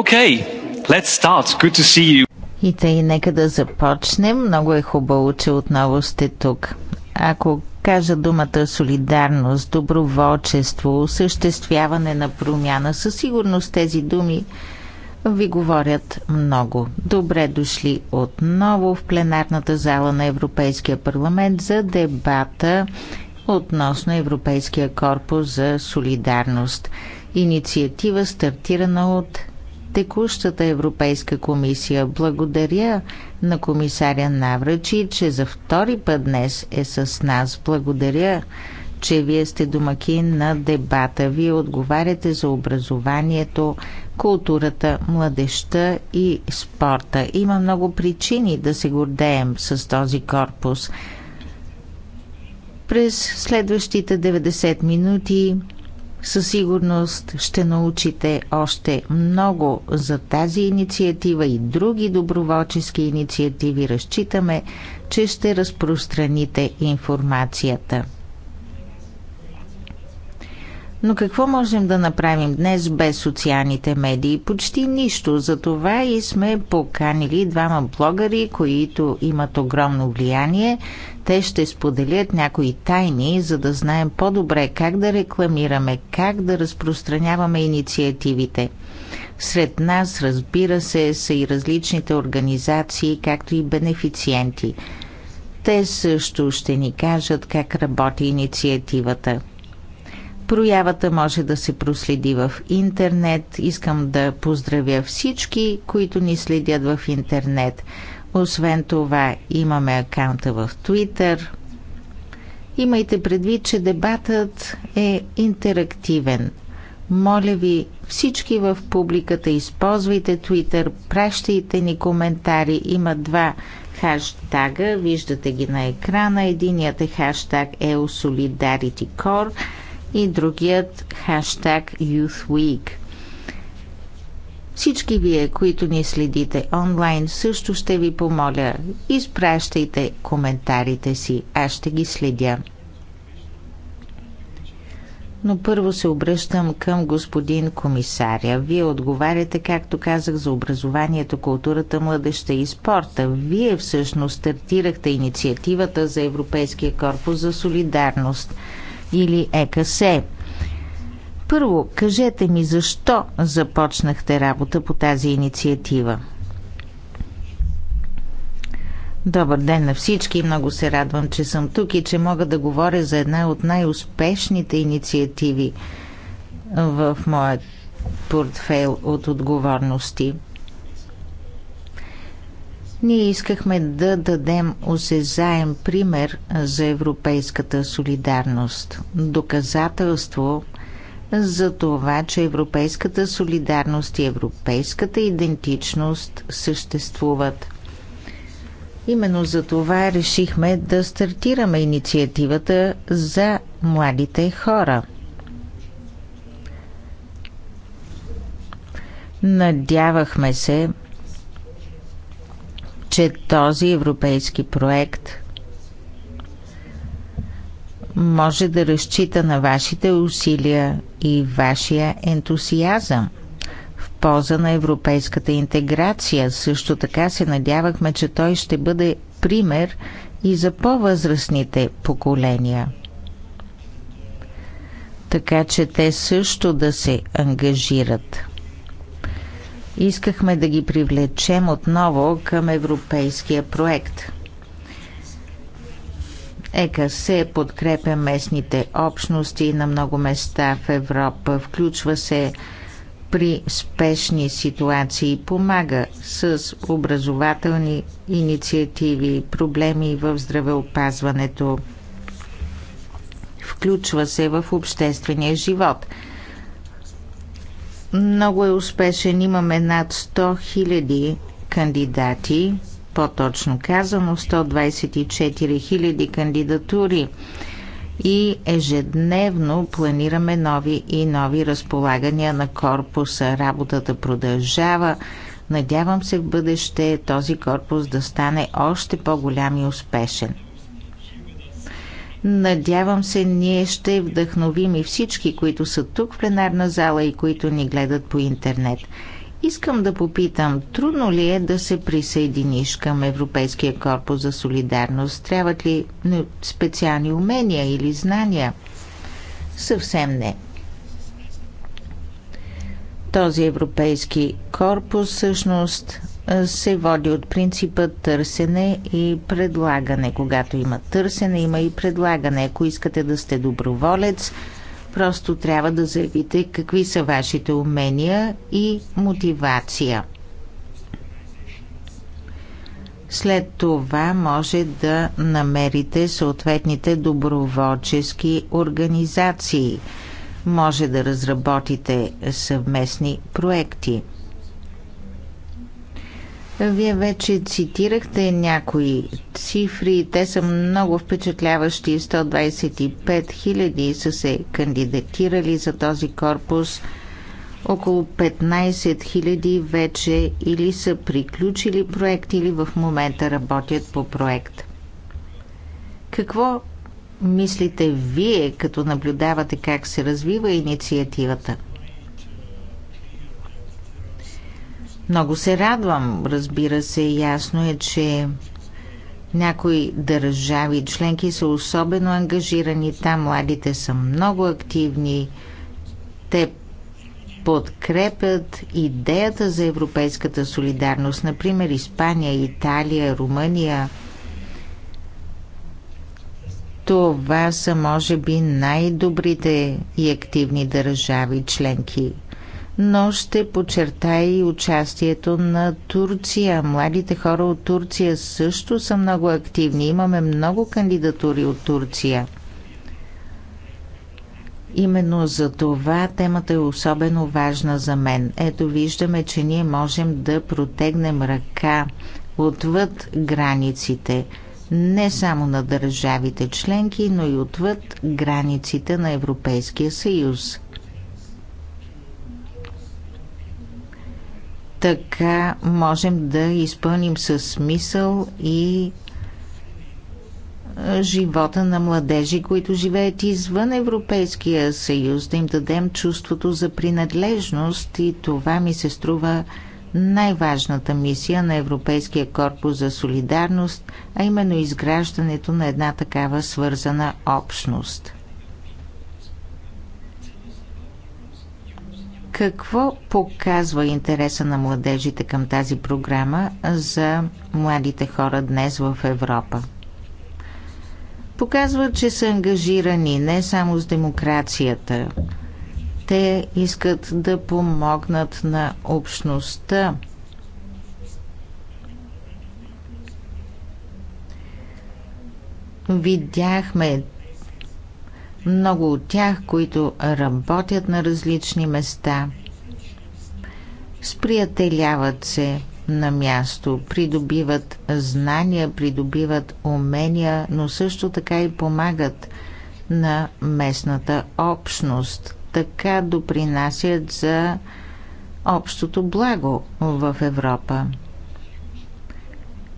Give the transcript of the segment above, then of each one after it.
Okay, let's start. Good to see you. И тъй, нека да започнем. Много е хубаво, че отново сте тук. Ако кажа думата солидарност, доброволчество, осъществяване на промяна, със сигурност тези думи ви говорят много. Добре дошли отново в пленарната зала на Европейския парламент за дебата относно Европейския корпус за солидарност инициатива, стартирана от текущата Европейска комисия. Благодаря на комисаря Навръчи, че за втори път днес е с нас. Благодаря, че вие сте домакин на дебата. Вие отговаряте за образованието, културата, младеща и спорта. Има много причини да се гордеем с този корпус. През следващите 90 минути със сигурност ще научите още много за тази инициатива и други доброволчески инициативи. Разчитаме, че ще разпространите информацията. Но какво можем да направим днес без социалните медии? Почти нищо. Затова и сме поканили двама блогъри, които имат огромно влияние. Те ще споделят някои тайни, за да знаем по-добре как да рекламираме, как да разпространяваме инициативите. Сред нас, разбира се, са и различните организации, както и бенефициенти. Те също ще ни кажат как работи инициативата – Проявата може да се проследи в интернет. Искам да поздравя всички, които ни следят в интернет. Освен това, имаме акаунта в Twitter. Имайте предвид, че дебатът е интерактивен. Моля ви, всички в публиката, използвайте Twitter, пращайте ни коментари. Има два хаштага, виждате ги на екрана. Единият е хаштаг EOSolidarityCore, и другият хаштаг Youth Week. Всички вие, които ни следите онлайн, също ще ви помоля, изпращайте коментарите си, аз ще ги следя. Но първо се обръщам към господин комисаря. Вие отговаряте, както казах, за образованието, културата, младеща и спорта. Вие всъщност стартирахте инициативата за Европейския корпус за солидарност – или ЕКС. Първо, кажете ми защо започнахте работа по тази инициатива? Добър ден на всички! Много се радвам, че съм тук и че мога да говоря за една от най-успешните инициативи в моят портфейл от отговорности – ние искахме да дадем осезаем пример за европейската солидарност. Доказателство за това, че европейската солидарност и европейската идентичност съществуват. Именно за това решихме да стартираме инициативата за младите хора. Надявахме се че този европейски проект може да разчита на вашите усилия и вашия ентусиазъм в полза на европейската интеграция. Също така се надявахме, че той ще бъде пример и за по-възрастните поколения. Така че те също да се ангажират. Искахме да ги привлечем отново към европейския проект. ЕКА се подкрепя местните общности на много места в Европа. Включва се при спешни ситуации, помага с образователни инициативи, проблеми в здравеопазването. Включва се в обществения живот – много е успешен. Имаме над 100 000 кандидати, по-точно казано 124 000 кандидатури и ежедневно планираме нови и нови разполагания на корпуса. Работата продължава. Надявам се в бъдеще този корпус да стане още по-голям и успешен. Надявам се, ние ще вдъхновим и всички, които са тук в пленарна зала и които ни гледат по интернет. Искам да попитам, трудно ли е да се присъединиш към Европейския корпус за солидарност? Трябват ли специални умения или знания? Съвсем не. Този европейски корпус всъщност е, се води от принципа търсене и предлагане. Когато има търсене, има и предлагане. Ако искате да сте доброволец, просто трябва да заявите какви са вашите умения и мотивация. След това може да намерите съответните доброволчески организации. Може да разработите съвместни проекти. Вие вече цитирахте някои цифри. Те са много впечатляващи. 125 хиляди са се кандидатирали за този корпус. Около 15 хиляди вече или са приключили проект, или в момента работят по проект. Какво мислите вие, като наблюдавате как се развива инициативата? Много се радвам. Разбира се, ясно е, че някои държави членки са особено ангажирани. Там младите са много активни. Те подкрепят идеята за европейската солидарност. Например, Испания, Италия, Румъния. Това са, може би, най-добрите и активни държави членки – но ще подчертая и участието на Турция. Младите хора от Турция също са много активни. Имаме много кандидатури от Турция. Именно за това темата е особено важна за мен. Ето виждаме, че ние можем да протегнем ръка отвъд границите не само на държавите членки, но и отвъд границите на Европейския съюз. Така можем да изпълним със смисъл и живота на младежи, които живеят извън Европейския съюз, да им дадем чувството за принадлежност и това ми се струва най-важната мисия на Европейския корпус за солидарност, а именно изграждането на една такава свързана общност. Какво показва интереса на младежите към тази програма за младите хора днес в Европа? Показва, че са ангажирани не само с демокрацията. Те искат да помогнат на общността. Видяхме много от тях, които работят на различни места, сприятеляват се на място, придобиват знания, придобиват умения, но също така и помагат на местната общност. Така допринасят за общото благо в Европа.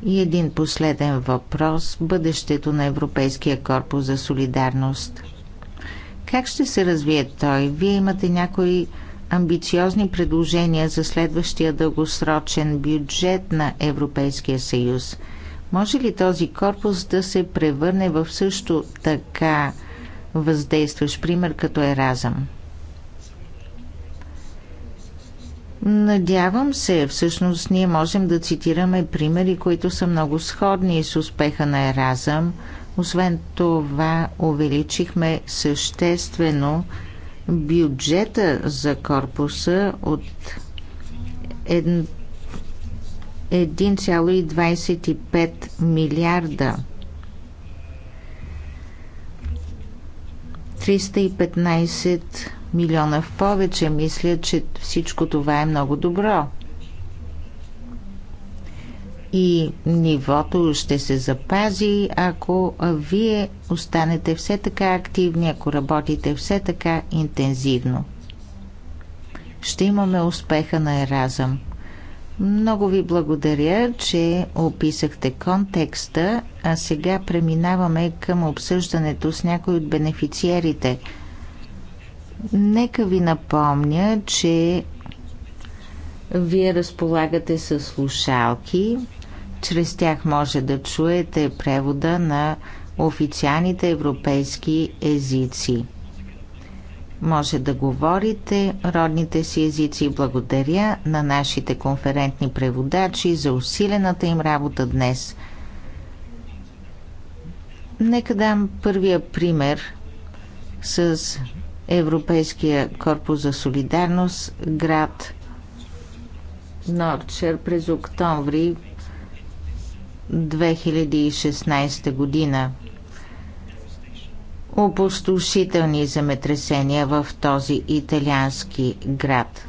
И един последен въпрос – бъдещето на Европейския корпус за солидарност – как ще се развие той? Вие имате някои амбициозни предложения за следващия дългосрочен бюджет на Европейския съюз. Може ли този корпус да се превърне в също така въздействащ пример като разъм? Надявам се, всъщност ние можем да цитираме примери, които са много сходни с успеха на Еразъм – освен това, увеличихме съществено бюджета за корпуса от 1,25 милиарда. 315 милиона в повече. Мисля, че всичко това е много добро и нивото ще се запази, ако вие останете все така активни, ако работите все така интензивно. Ще имаме успеха на Еразъм. Много ви благодаря, че описахте контекста, а сега преминаваме към обсъждането с някой от бенефициерите. Нека ви напомня, че вие разполагате с слушалки, чрез тях може да чуете превода на официалните европейски езици. Може да говорите родните си езици. Благодаря на нашите конферентни преводачи за усилената им работа днес. Нека дам първия пример с Европейския корпус за солидарност, град Норчер през октомври 2016 година. Опустошителни земетресения в този италиански град.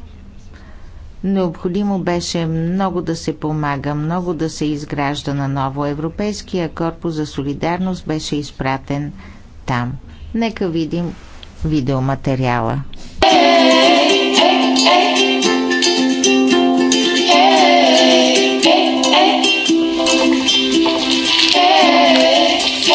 Необходимо беше много да се помага, много да се изгражда на ново. Европейския корпус за солидарност беше изпратен там. Нека видим видеоматериала. Hey!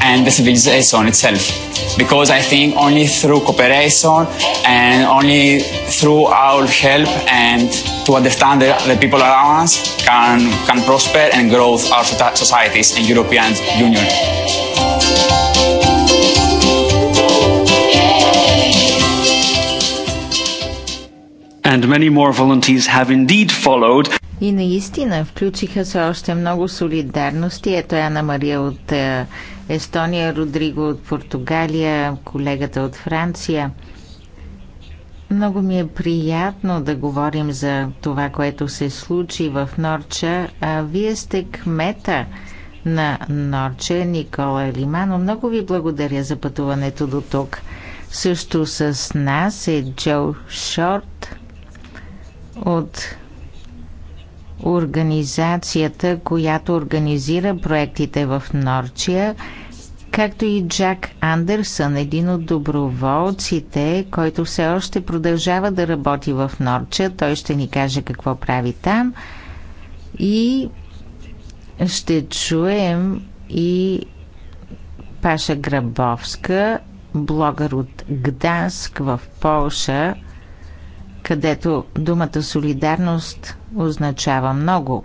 and the civilization itself. Because I think only through cooperation and only through our help and to understand the, the people around us can, can prosper and grow our societies and European Union. And many more volunteers have indeed followed. И наистина включиха се още много солидарности. Ето Яна Мария от Естония, Родриго от Португалия, колегата от Франция. Много ми е приятно да говорим за това, което се случи в Норча. А вие сте кмета на Норче, Никола Лимано. Много ви благодаря за пътуването до тук. Също с нас е Джо Шорт от организацията, която организира проектите в Норчия, както и Джак Андерсън, един от доброволците, който все още продължава да работи в Норча. Той ще ни каже какво прави там и ще чуем и Паша Грабовска, блогър от Гданск в Полша, където думата солидарност означава много.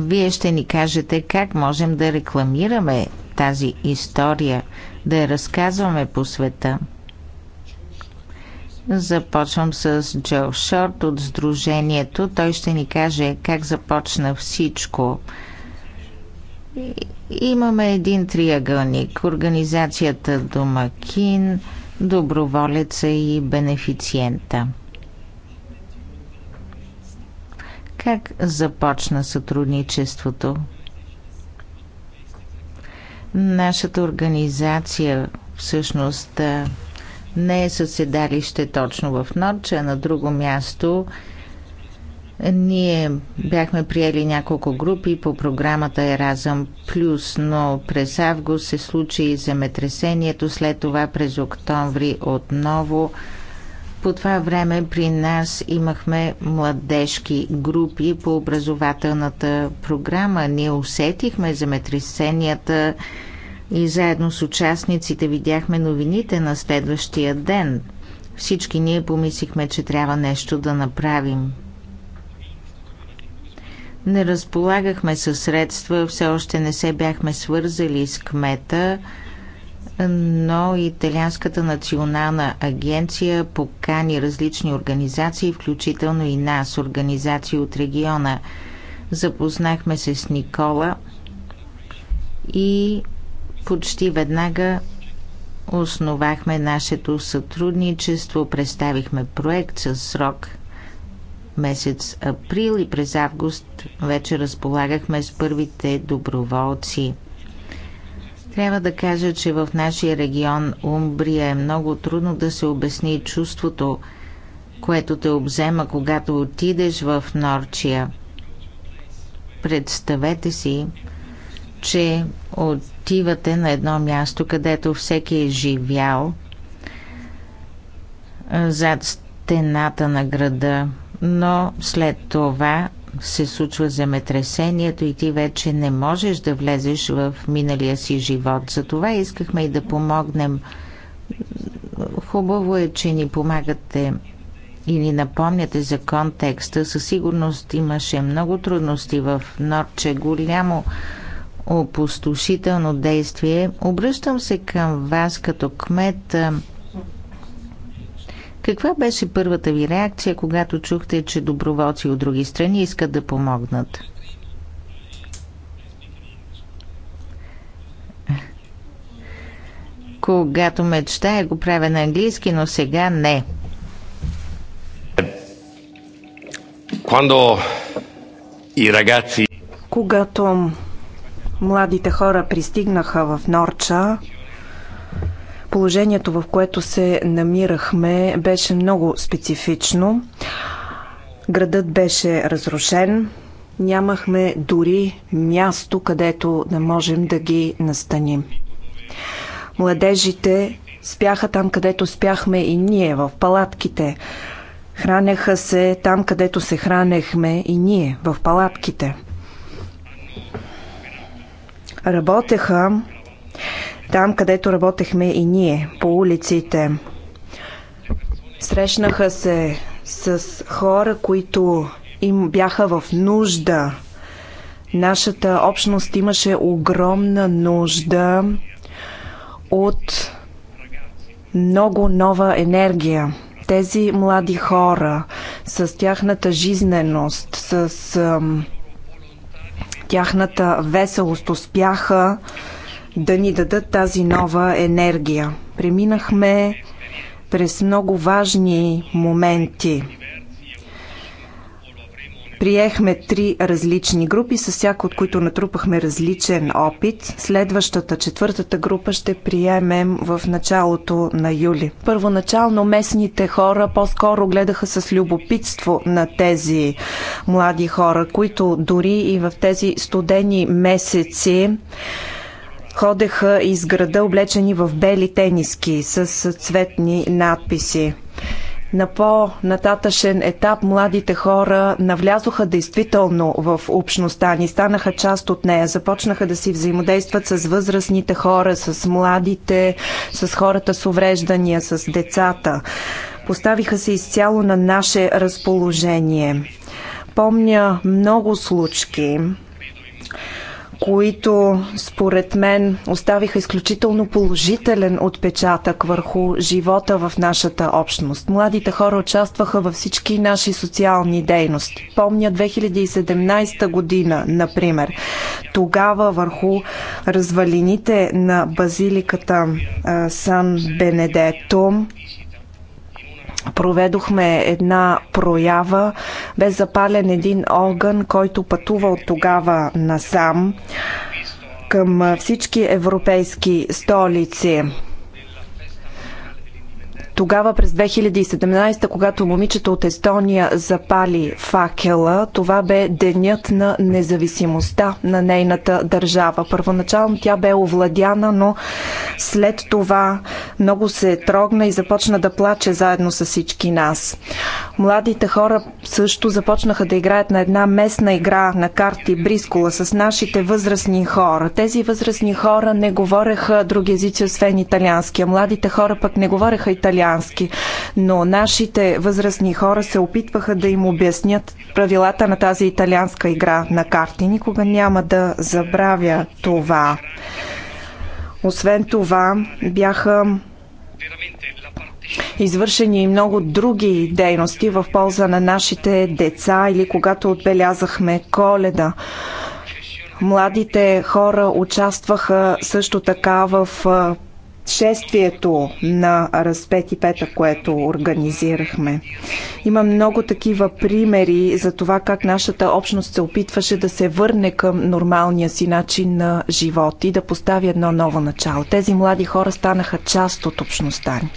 Вие ще ни кажете как можем да рекламираме тази история, да я разказваме по света. Започвам с Джо Шорт от Сдружението. Той ще ни каже как започна всичко. Имаме един триъгълник. Организацията Домакин, доброволеца и бенефициента. Как започна сътрудничеството? Нашата организация всъщност не е със седалище точно в Норча, а на друго място ние бяхме приели няколко групи по програмата Еразъм Плюс, но през август се случи и земетресението, след това през октомври отново. По това време при нас имахме младежки групи по образователната програма. Ние усетихме земетресенията и заедно с участниците видяхме новините на следващия ден. Всички ние помислихме, че трябва нещо да направим. Не разполагахме със средства, все още не се бяхме свързали с кмета, но Италианската национална агенция покани различни организации, включително и нас, организации от региона. Запознахме се с Никола и почти веднага основахме нашето сътрудничество, представихме проект с срок месец април и през август вече разполагахме с първите доброволци. Трябва да кажа, че в нашия регион Умбрия е много трудно да се обясни чувството, което те обзема, когато отидеш в Норчия. Представете си, че отивате на едно място, където всеки е живял зад стената на града но след това се случва земетресението и ти вече не можеш да влезеш в миналия си живот. Затова искахме и да помогнем. Хубаво е, че ни помагате и ни напомняте за контекста. Със сигурност имаше много трудности в Норче. Голямо опустошително действие. Обръщам се към вас като кмет. Каква беше първата ви реакция, когато чухте, че доброволци от други страни искат да помогнат? Когато мечтая, го правя на английски, но сега не. Когато младите хора пристигнаха в Норча, Положението, в което се намирахме, беше много специфично. Градът беше разрушен. Нямахме дори място, където да можем да ги настаним. Младежите спяха там, където спяхме и ние, в палатките. Хранеха се там, където се хранехме и ние, в палатките. Работеха там, където работехме и ние, по улиците. Срещнаха се с хора, които им бяха в нужда. Нашата общност имаше огромна нужда от много нова енергия. Тези млади хора с тяхната жизненост, с тяхната веселост успяха да ни дадат тази нова енергия. Преминахме през много важни моменти. Приехме три различни групи, с всяка от които натрупахме различен опит. Следващата, четвъртата група ще приемем в началото на юли. Първоначално местните хора по-скоро гледаха с любопитство на тези млади хора, които дори и в тези студени месеци ходеха из града облечени в бели тениски с цветни надписи. На по-нататъшен етап младите хора навлязоха действително в общността ни, станаха част от нея, започнаха да си взаимодействат с възрастните хора, с младите, с хората с увреждания, с децата. Поставиха се изцяло на наше разположение. Помня много случки, които според мен оставиха изключително положителен отпечатък върху живота в нашата общност. Младите хора участваха във всички наши социални дейности. Помня 2017 година, например. Тогава върху развалините на базиликата Сан Бенедето проведохме една проява, бе запален един огън, който пътува от тогава насам към всички европейски столици. Тогава през 2017, когато момичето от Естония запали факела, това бе денят на независимостта на нейната държава. Първоначално тя бе овладяна, но след това много се трогна и започна да плаче заедно с всички нас. Младите хора също започнаха да играят на една местна игра на карти Брискола с нашите възрастни хора. Тези възрастни хора не говореха други езици, освен италианския. Младите хора пък не говореха италиански британски. Но нашите възрастни хора се опитваха да им обяснят правилата на тази италианска игра на карти. Никога няма да забравя това. Освен това, бяха извършени и много други дейности в полза на нашите деца или когато отбелязахме коледа. Младите хора участваха също така в шествието на Разпети пета, което организирахме. Има много такива примери за това как нашата общност се опитваше да се върне към нормалния си начин на живот и да постави едно ново начало. Тези млади хора станаха част от общността ни.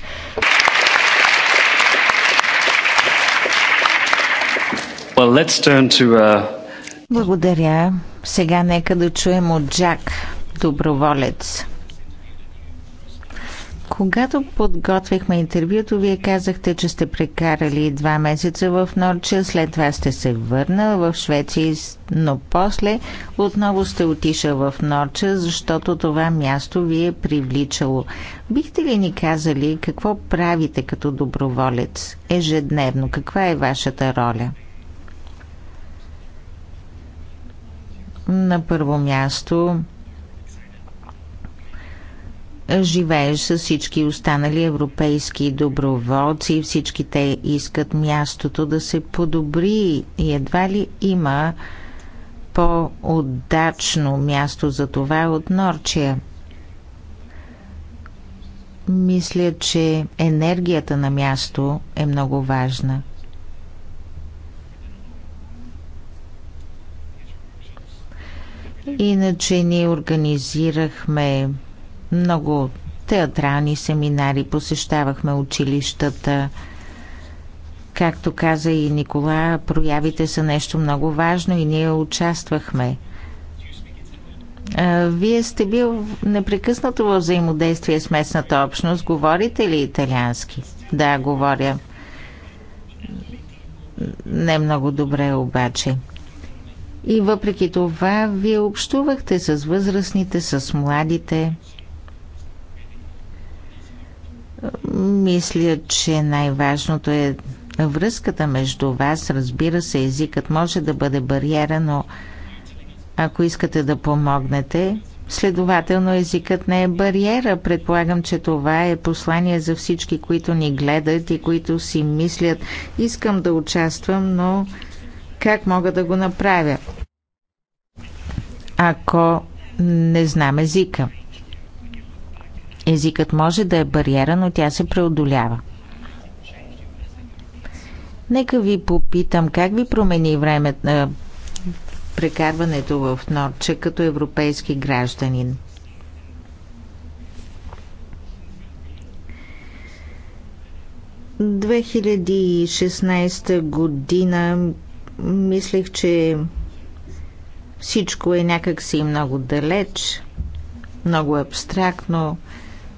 Well, let's turn to, uh... Благодаря. Сега нека да чуем от Джак, доброволец. Когато подготвихме интервюто, вие казахте, че сте прекарали два месеца в Норча. след това сте се върнал в Швеция, но после отново сте отиша в Норча, защото това място ви е привличало. Бихте ли ни казали какво правите като доброволец ежедневно? Каква е вашата роля? На първо място живееш с всички останали европейски доброволци. Всички те искат мястото да се подобри и едва ли има по-удачно място за това от Норчия. Мисля, че енергията на място е много важна. Иначе ние организирахме много театрални семинари, посещавахме училищата. Както каза и Никола, проявите са нещо много важно и ние участвахме. Вие сте бил непрекъснато във взаимодействие с местната общност. Говорите ли италиански? Да, говоря. Не много добре обаче. И въпреки това, вие общувахте с възрастните, с младите. Мисля, че най-важното е връзката между вас. Разбира се, езикът може да бъде бариера, но ако искате да помогнете, следователно езикът не е бариера. Предполагам, че това е послание за всички, които ни гледат и които си мислят, искам да участвам, но как мога да го направя? Ако не знам езика. Езикът може да е бариера, но тя се преодолява. Нека ви попитам, как ви промени времето на прекарването в Норче като европейски гражданин? В 2016 година мислех, че всичко е някакси много далеч, много абстрактно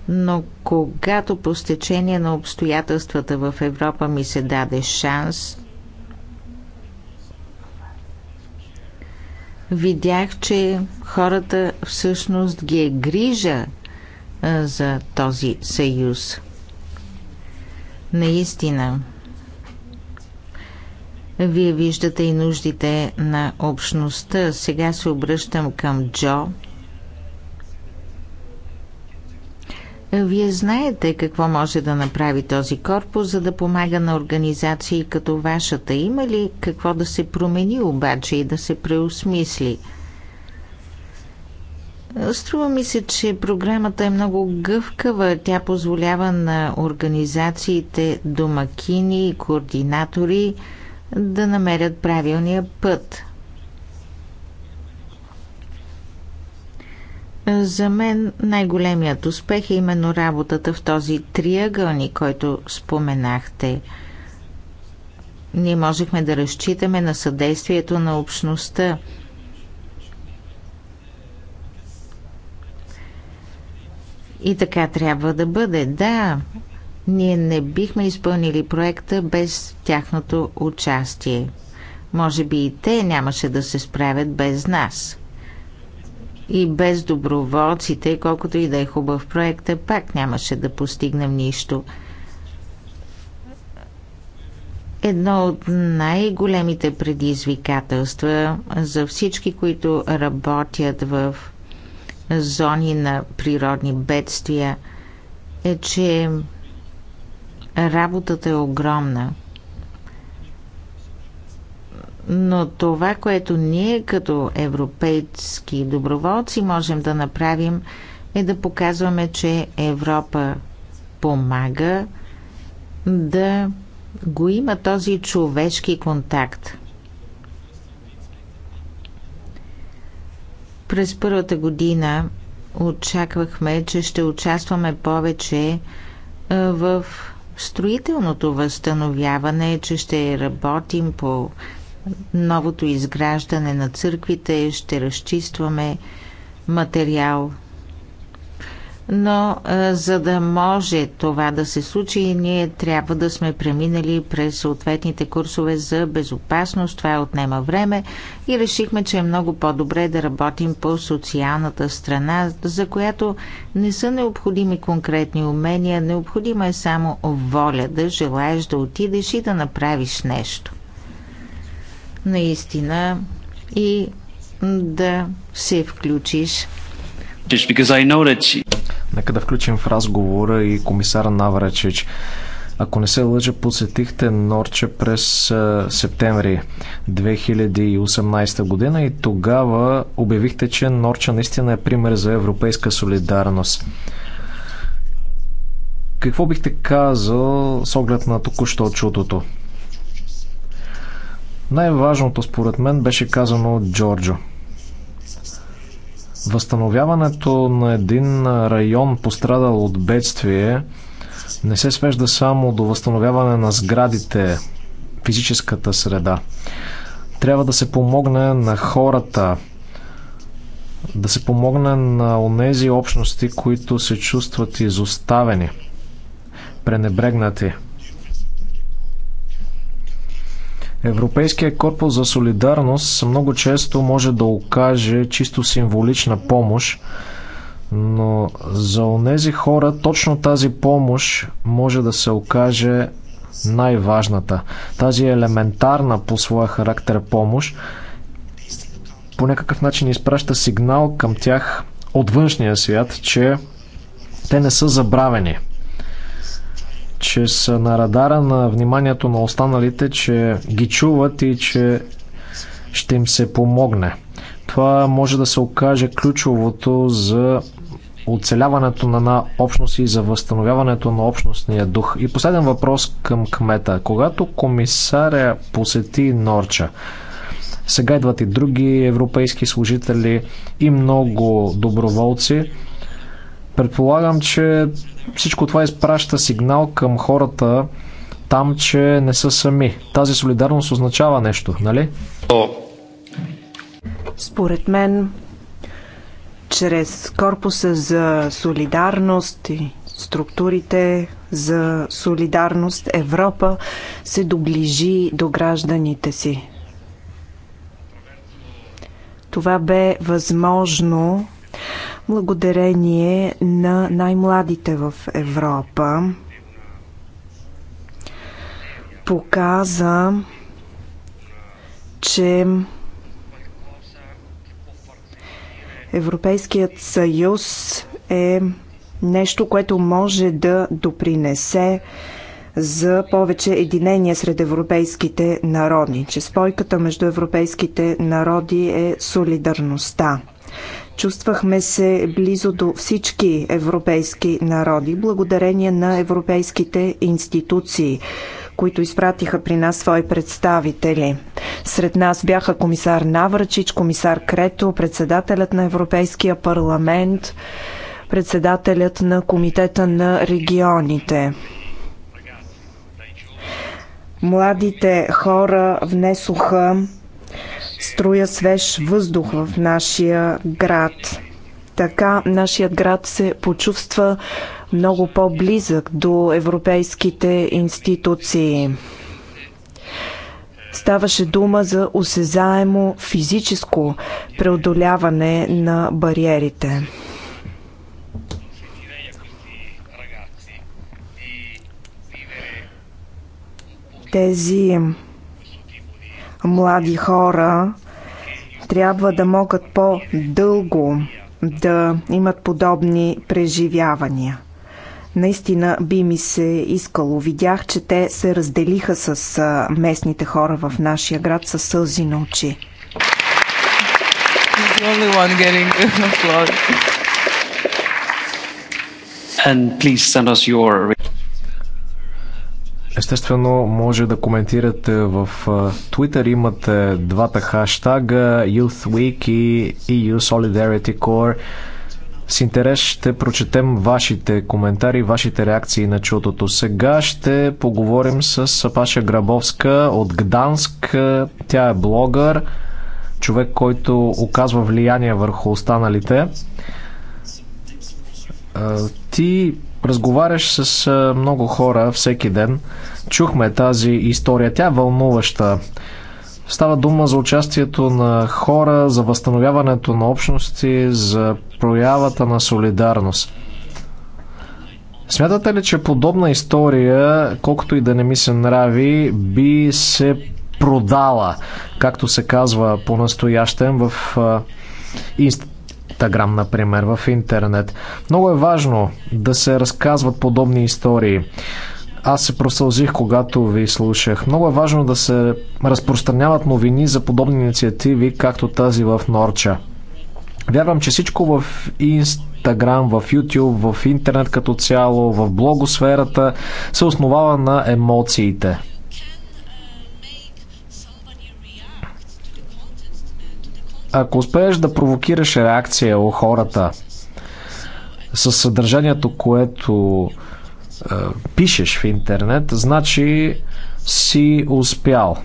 но когато по стечение на обстоятелствата в Европа ми се даде шанс, видях, че хората всъщност ги е грижа за този съюз. Наистина, вие виждате и нуждите на общността. Сега се обръщам към Джо – Вие знаете какво може да направи този корпус, за да помага на организации като вашата. Има ли какво да се промени обаче и да се преосмисли? Струва ми се, че програмата е много гъвкава. Тя позволява на организациите, домакини и координатори да намерят правилния път – За мен най-големият успех е именно работата в този триъгълник, който споменахте. Ние можехме да разчитаме на съдействието на общността. И така трябва да бъде. Да, ние не бихме изпълнили проекта без тяхното участие. Може би и те нямаше да се справят без нас и без доброволците, колкото и да е хубав проекта, е пак нямаше да постигнем нищо. Едно от най-големите предизвикателства за всички, които работят в зони на природни бедствия, е, че работата е огромна – но това, което ние като европейски доброволци можем да направим, е да показваме, че Европа помага да го има този човешки контакт. През първата година очаквахме, че ще участваме повече е, в строителното възстановяване, че ще работим по новото изграждане на църквите, ще разчистваме материал. Но за да може това да се случи, ние трябва да сме преминали през съответните курсове за безопасност. Това е отнема време и решихме, че е много по-добре да работим по социалната страна, за която не са необходими конкретни умения, необходима е само воля да желаеш да отидеш и да направиш нещо наистина и да се включиш. Нека да включим в разговора и комисара Навречич. Ако не се лъжа, посетихте Норче през септември 2018 година и тогава обявихте, че Норча наистина е пример за европейска солидарност. Какво бихте казал с оглед на току-що чутото? Най-важното според мен беше казано от Джорджо. Възстановяването на един район пострадал от бедствие не се свежда само до възстановяване на сградите, физическата среда. Трябва да се помогне на хората, да се помогне на онези общности, които се чувстват изоставени, пренебрегнати – Европейския корпус за солидарност много често може да окаже чисто символична помощ, но за онези хора точно тази помощ може да се окаже най-важната. Тази елементарна по своя характер помощ по някакъв начин изпраща сигнал към тях от външния свят, че те не са забравени – че са на радара на вниманието на останалите, че ги чуват и че ще им се помогне. Това може да се окаже ключовото за оцеляването на една общност и за възстановяването на общностния дух. И последен въпрос към кмета. Когато комисаря посети Норча, сега идват и други европейски служители и много доброволци. Предполагам, че всичко това изпраща сигнал към хората там, че не са сами. Тази солидарност означава нещо, нали? Според мен, чрез корпуса за солидарност и структурите за солидарност Европа се доближи до гражданите си. Това бе възможно благодарение на най-младите в Европа. Показа, че Европейският съюз е нещо, което може да допринесе за повече единение сред европейските народи, че спойката между европейските народи е солидарността. Чувствахме се близо до всички европейски народи, благодарение на европейските институции които изпратиха при нас свои представители. Сред нас бяха комисар Навръчич, комисар Крето, председателят на Европейския парламент, председателят на Комитета на регионите. Младите хора внесоха струя свеж въздух в нашия град. Така нашият град се почувства много по-близък до европейските институции. Ставаше дума за осезаемо физическо преодоляване на бариерите. Тези млади хора трябва да могат по-дълго да имат подобни преживявания. Наистина би ми се искало. Видях, че те се разделиха с местните хора в нашия град с сълзи на очи. Your... Естествено, може да коментирате в Twitter. Имате двата хаштага Youth Week и EU Solidarity Core. С интерес ще прочетем вашите коментари, вашите реакции на чутото. Сега ще поговорим с Паша Грабовска от Гданск. Тя е блогър, човек, който оказва влияние върху останалите. Ти Разговаряш с много хора всеки ден. Чухме тази история. Тя е вълнуваща. Става дума за участието на хора, за възстановяването на общности, за проявата на солидарност. Смятате ли, че подобна история, колкото и да не ми се нрави, би се продала, както се казва по-настоящем в Инстаграм, например, в интернет. Много е важно да се разказват подобни истории. Аз се просълзих, когато ви слушах. Много е важно да се разпространяват новини за подобни инициативи, както тази в Норча. Вярвам, че всичко в Инстаграм, в YouTube, в интернет като цяло, в блогосферата се основава на емоциите. ако успееш да провокираш реакция у хората с съдържанието, което е, пишеш в интернет, значи си успял.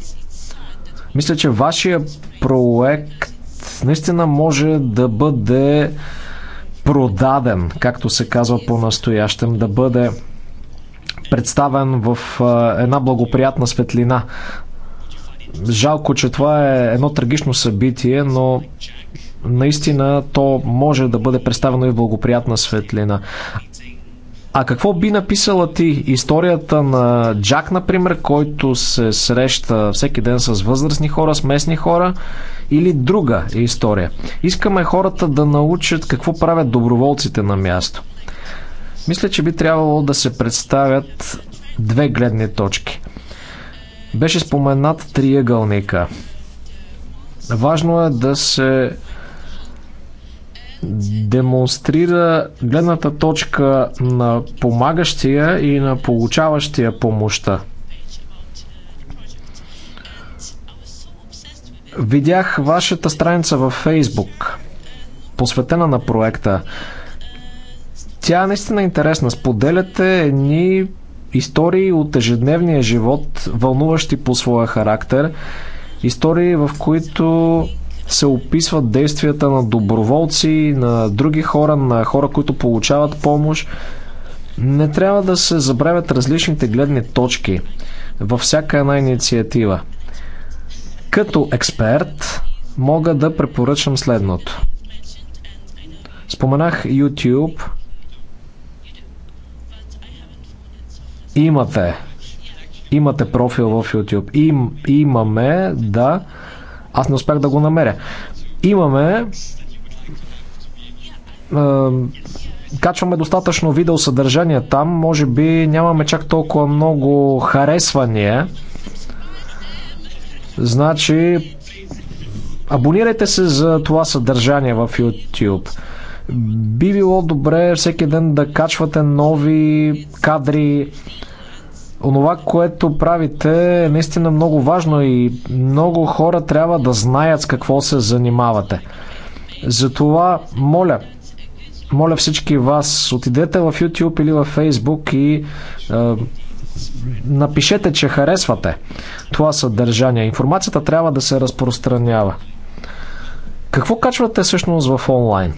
Мисля, че вашия проект наистина може да бъде продаден, както се казва по-настоящем, да бъде представен в е, една благоприятна светлина Жалко, че това е едно трагично събитие, но наистина то може да бъде представено и в благоприятна светлина. А какво би написала ти историята на Джак, например, който се среща всеки ден с възрастни хора, с местни хора или друга история? Искаме хората да научат какво правят доброволците на място. Мисля, че би трябвало да се представят две гледни точки. Беше споменат триъгълника. Важно е да се демонстрира гледната точка на помагащия и на получаващия помощта. Видях вашата страница във Фейсбук, посветена на проекта. Тя е наистина е интересна. Споделяте едни истории от ежедневния живот, вълнуващи по своя характер, истории в които се описват действията на доброволци, на други хора, на хора, които получават помощ. Не трябва да се забравят различните гледни точки във всяка една инициатива. Като експерт мога да препоръчам следното. Споменах YouTube, Имате. Имате профил в YouTube. Им, имаме, да. Аз не успях да го намеря. Имаме. Е, качваме достатъчно видеосъдържание там. Може би нямаме чак толкова много харесвания. Значи, абонирайте се за това съдържание в YouTube. Би било добре всеки ден да качвате нови кадри. Онова, което правите е наистина много важно и много хора трябва да знаят с какво се занимавате. Затова, моля, моля всички вас, отидете в YouTube или в Facebook и е, напишете, че харесвате това съдържание. Информацията трябва да се разпространява. Какво качвате всъщност в онлайн?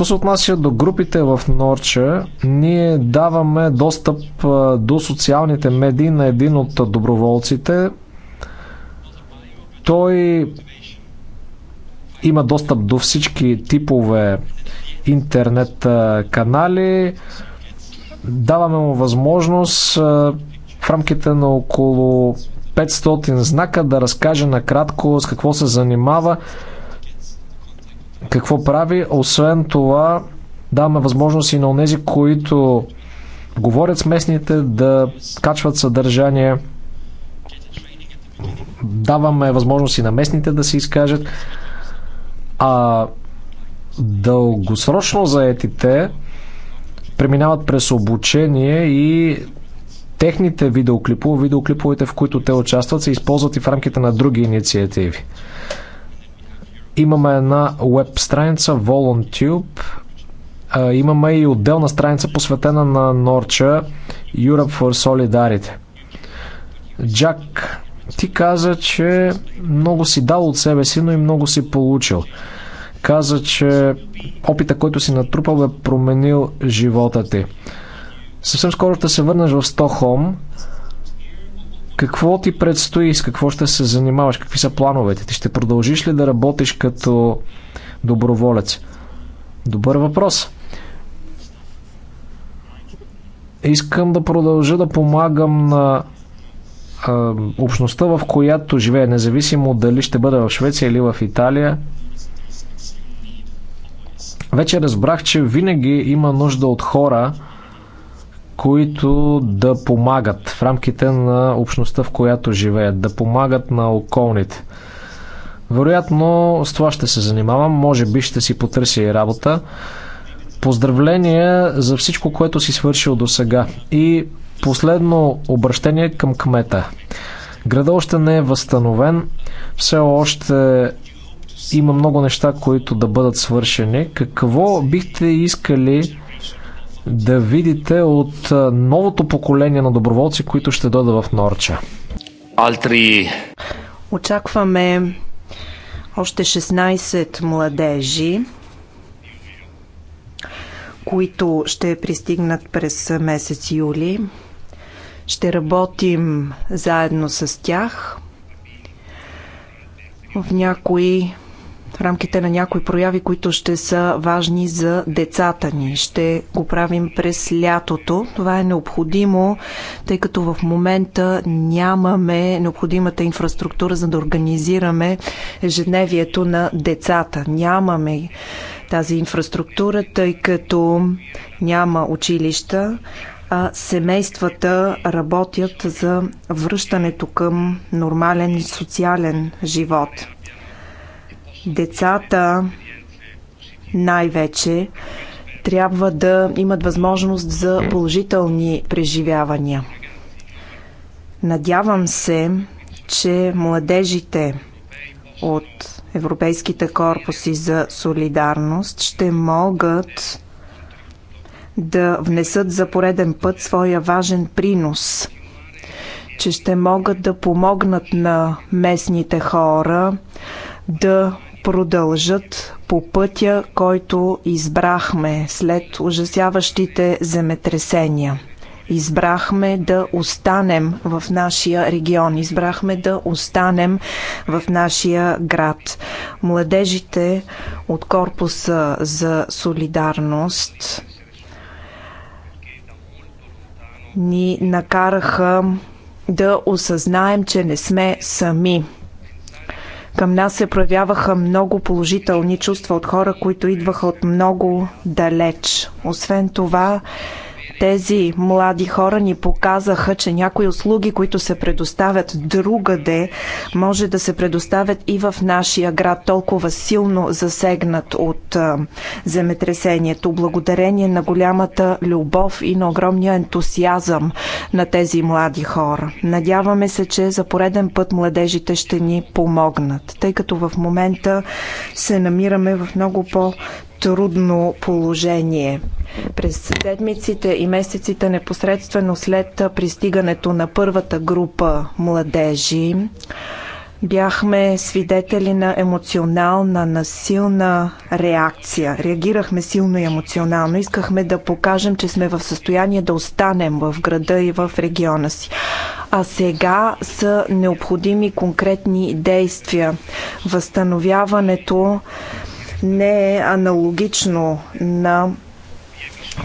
Що се отнася до групите в Норча, ние даваме достъп до социалните медии на един от доброволците. Той има достъп до всички типове интернет канали. Даваме му възможност в рамките на около 500 знака да разкаже накратко с какво се занимава. Какво прави? Освен това, даваме възможност и на тези, които говорят с местните, да качват съдържание. Даваме възможност и на местните да се изкажат. А дългосрочно заетите преминават през обучение и техните видеоклипове, видеоклиповете, в които те участват, се използват и в рамките на други инициативи. Имаме една веб страница VolonTube. Имаме и отделна страница посветена на Норча Europe for Solidarity. Джак, ти каза, че много си дал от себе си, но и много си получил. Каза, че опита, който си натрупал, бе променил живота ти. Съвсем скоро ще се върнеш в Стохолм. Какво ти предстои? С какво ще се занимаваш? Какви са плановете ти? Ще продължиш ли да работиш като доброволец? Добър въпрос. Искам да продължа да помагам на а, общността, в която живея, независимо дали ще бъда в Швеция или в Италия. Вече разбрах, че винаги има нужда от хора, които да помагат в рамките на общността, в която живеят, да помагат на околните. Вероятно с това ще се занимавам, може би ще си потърся и работа. Поздравления за всичко, което си свършил до сега. И последно обращение към кмета. Града още не е възстановен, все още има много неща, които да бъдат свършени. Какво бихте искали да видите от новото поколение на доброволци, които ще дойдат в Норча? Алтри. Очакваме още 16 младежи, които ще пристигнат през месец юли. Ще работим заедно с тях в някои в рамките на някои прояви, които ще са важни за децата ни. Ще го правим през лятото. Това е необходимо, тъй като в момента нямаме необходимата инфраструктура, за да организираме ежедневието на децата. Нямаме тази инфраструктура, тъй като няма училища, а семействата работят за връщането към нормален социален живот. Децата най-вече трябва да имат възможност за положителни преживявания. Надявам се, че младежите от европейските корпуси за солидарност ще могат да внесат за пореден път своя важен принос, че ще могат да помогнат на местните хора да продължат по пътя, който избрахме след ужасяващите земетресения. Избрахме да останем в нашия регион, избрахме да останем в нашия град. Младежите от Корпуса за солидарност ни накараха да осъзнаем, че не сме сами към нас се проявяваха много положителни чувства от хора, които идваха от много далеч. Освен това, тези млади хора ни показаха, че някои услуги, които се предоставят другаде, може да се предоставят и в нашия град, толкова силно засегнат от земетресението. Благодарение на голямата любов и на огромния ентусиазъм на тези млади хора. Надяваме се, че за пореден път младежите ще ни помогнат, тъй като в момента се намираме в много по- трудно положение. През седмиците и месеците непосредствено след пристигането на първата група младежи, бяхме свидетели на емоционална, насилна реакция. Реагирахме силно и емоционално. Искахме да покажем, че сме в състояние да останем в града и в региона си. А сега са необходими конкретни действия. Възстановяването не е аналогично на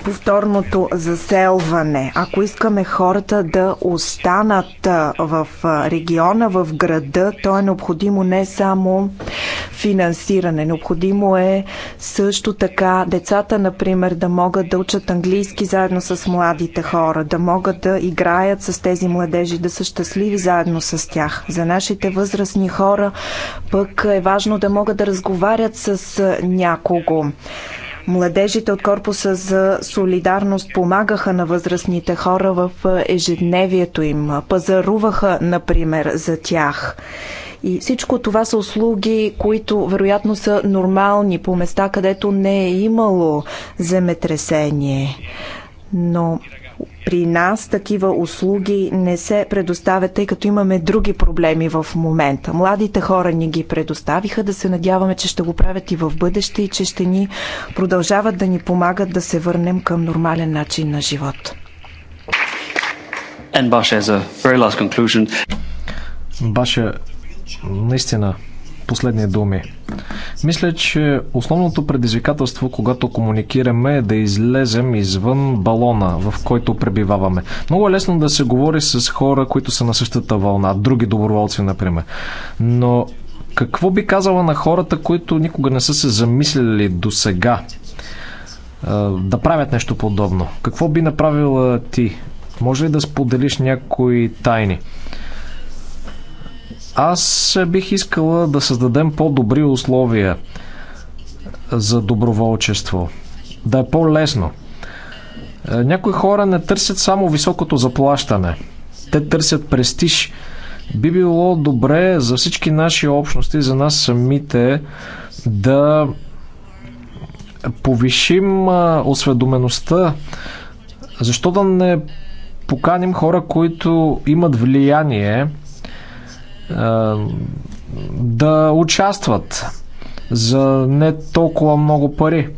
повторното заселване. Ако искаме хората да останат в региона, в града, то е необходимо не само финансиране. Необходимо е също така децата, например, да могат да учат английски заедно с младите хора, да могат да играят с тези младежи, да са щастливи заедно с тях. За нашите възрастни хора пък е важно да могат да разговарят с някого. Младежите от Корпуса за солидарност помагаха на възрастните хора в ежедневието им. Пазаруваха, например, за тях. И всичко това са услуги, които вероятно са нормални по места, където не е имало земетресение. Но при нас такива услуги не се предоставят, тъй като имаме други проблеми в момента. Младите хора ни ги предоставиха, да се надяваме, че ще го правят и в бъдеще и че ще ни продължават да ни помагат да се върнем към нормален начин на живот. Баша, наистина последни думи. Мисля, че основното предизвикателство, когато комуникираме, е да излезем извън балона, в който пребиваваме. Много е лесно да се говори с хора, които са на същата вълна, други доброволци, например. Но какво би казала на хората, които никога не са се замислили до сега да правят нещо подобно? Какво би направила ти? Може ли да споделиш някои тайни? Аз бих искала да създадем по-добри условия за доброволчество. Да е по-лесно. Е, някои хора не търсят само високото заплащане. Те търсят престиж. Би било добре за всички наши общности, за нас самите, да повишим осведомеността. Защо да не поканим хора, които имат влияние? Е, да участват за не толкова много пари.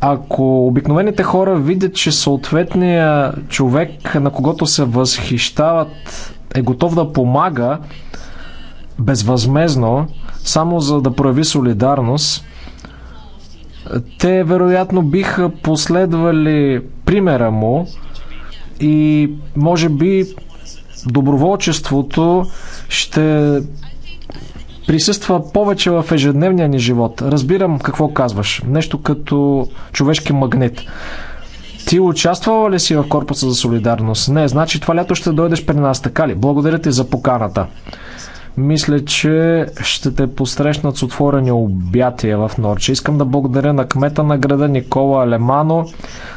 Ако обикновените хора видят, че съответния човек, на когото се възхищават, е готов да помага безвъзмезно, само за да прояви солидарност, те вероятно биха последвали примера му и може би доброволчеството ще присъства повече в ежедневния ни живот. Разбирам какво казваш. Нещо като човешки магнит. Ти участвала ли си в Корпуса за солидарност? Не, значи това лято ще дойдеш при нас, така ли? Благодаря ти за поканата. Мисля, че ще те посрещнат с отворени обятия в Норче. Искам да благодаря на кмета на града Никола Алемано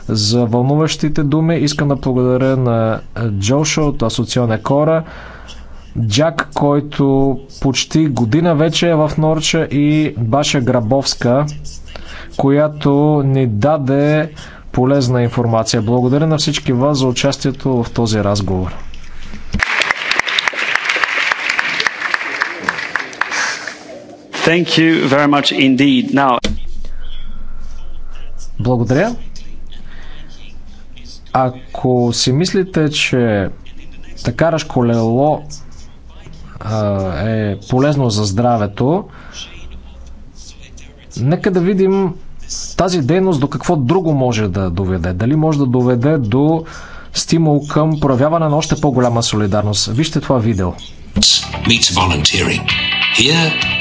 за вълнуващите думи. Искам да благодаря на Джошо от Асоционе Кора. Джак, който почти година вече е в Норча и Баша Грабовска, която ни даде полезна информация. Благодаря на всички вас за участието в този разговор. Thank you very much indeed. Now... Благодаря. Ако си мислите, че така разколело е полезно за здравето, нека да видим тази дейност до какво друго може да доведе. Дали може да доведе до стимул към проявяване на още по-голяма солидарност. Вижте това видео. Meet volunteering. Here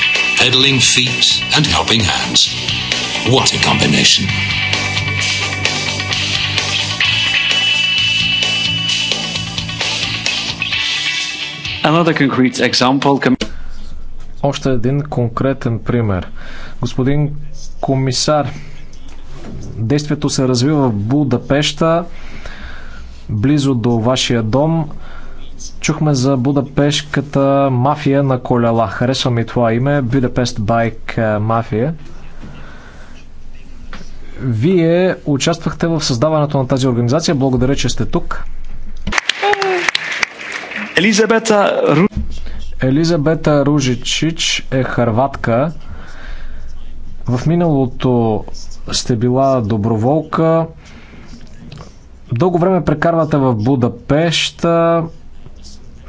pedaling feet and helping hands. What a combination. Another concrete example. Още един конкретен пример. Господин комисар, действието се развива в Будапешта, близо до вашия дом. Чухме за Будапешката мафия на колела. Харесва ми това име. Budapest Bike е, Мафия. Вие участвахте в създаването на тази организация. Благодаря, че сте тук. Елизабета, Елизабета Ружичич е харватка. В миналото сте била доброволка. Дълго време прекарвате в Будапешта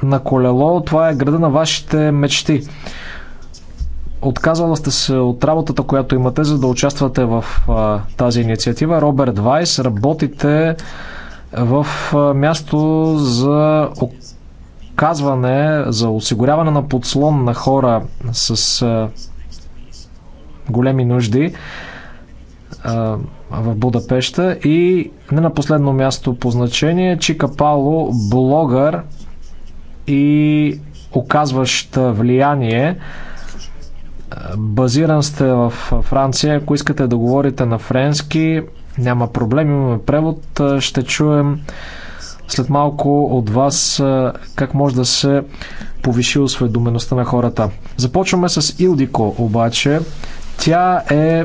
на колело, това е града на вашите мечти. Отказвала сте се от работата, която имате, за да участвате в а, тази инициатива. Роберт Вайс, работите в а, място за оказване, за осигуряване на подслон на хора с а, големи нужди в Будапеща и не на последно място по значение Чика Пало, блогър, и оказващ влияние. Е, базиран сте в Франция. Ако искате да говорите на френски, няма проблем, имаме превод. Е, ще чуем след малко от вас е, как може да се повиши осведомеността на хората. Започваме с Илдико обаче. Тя е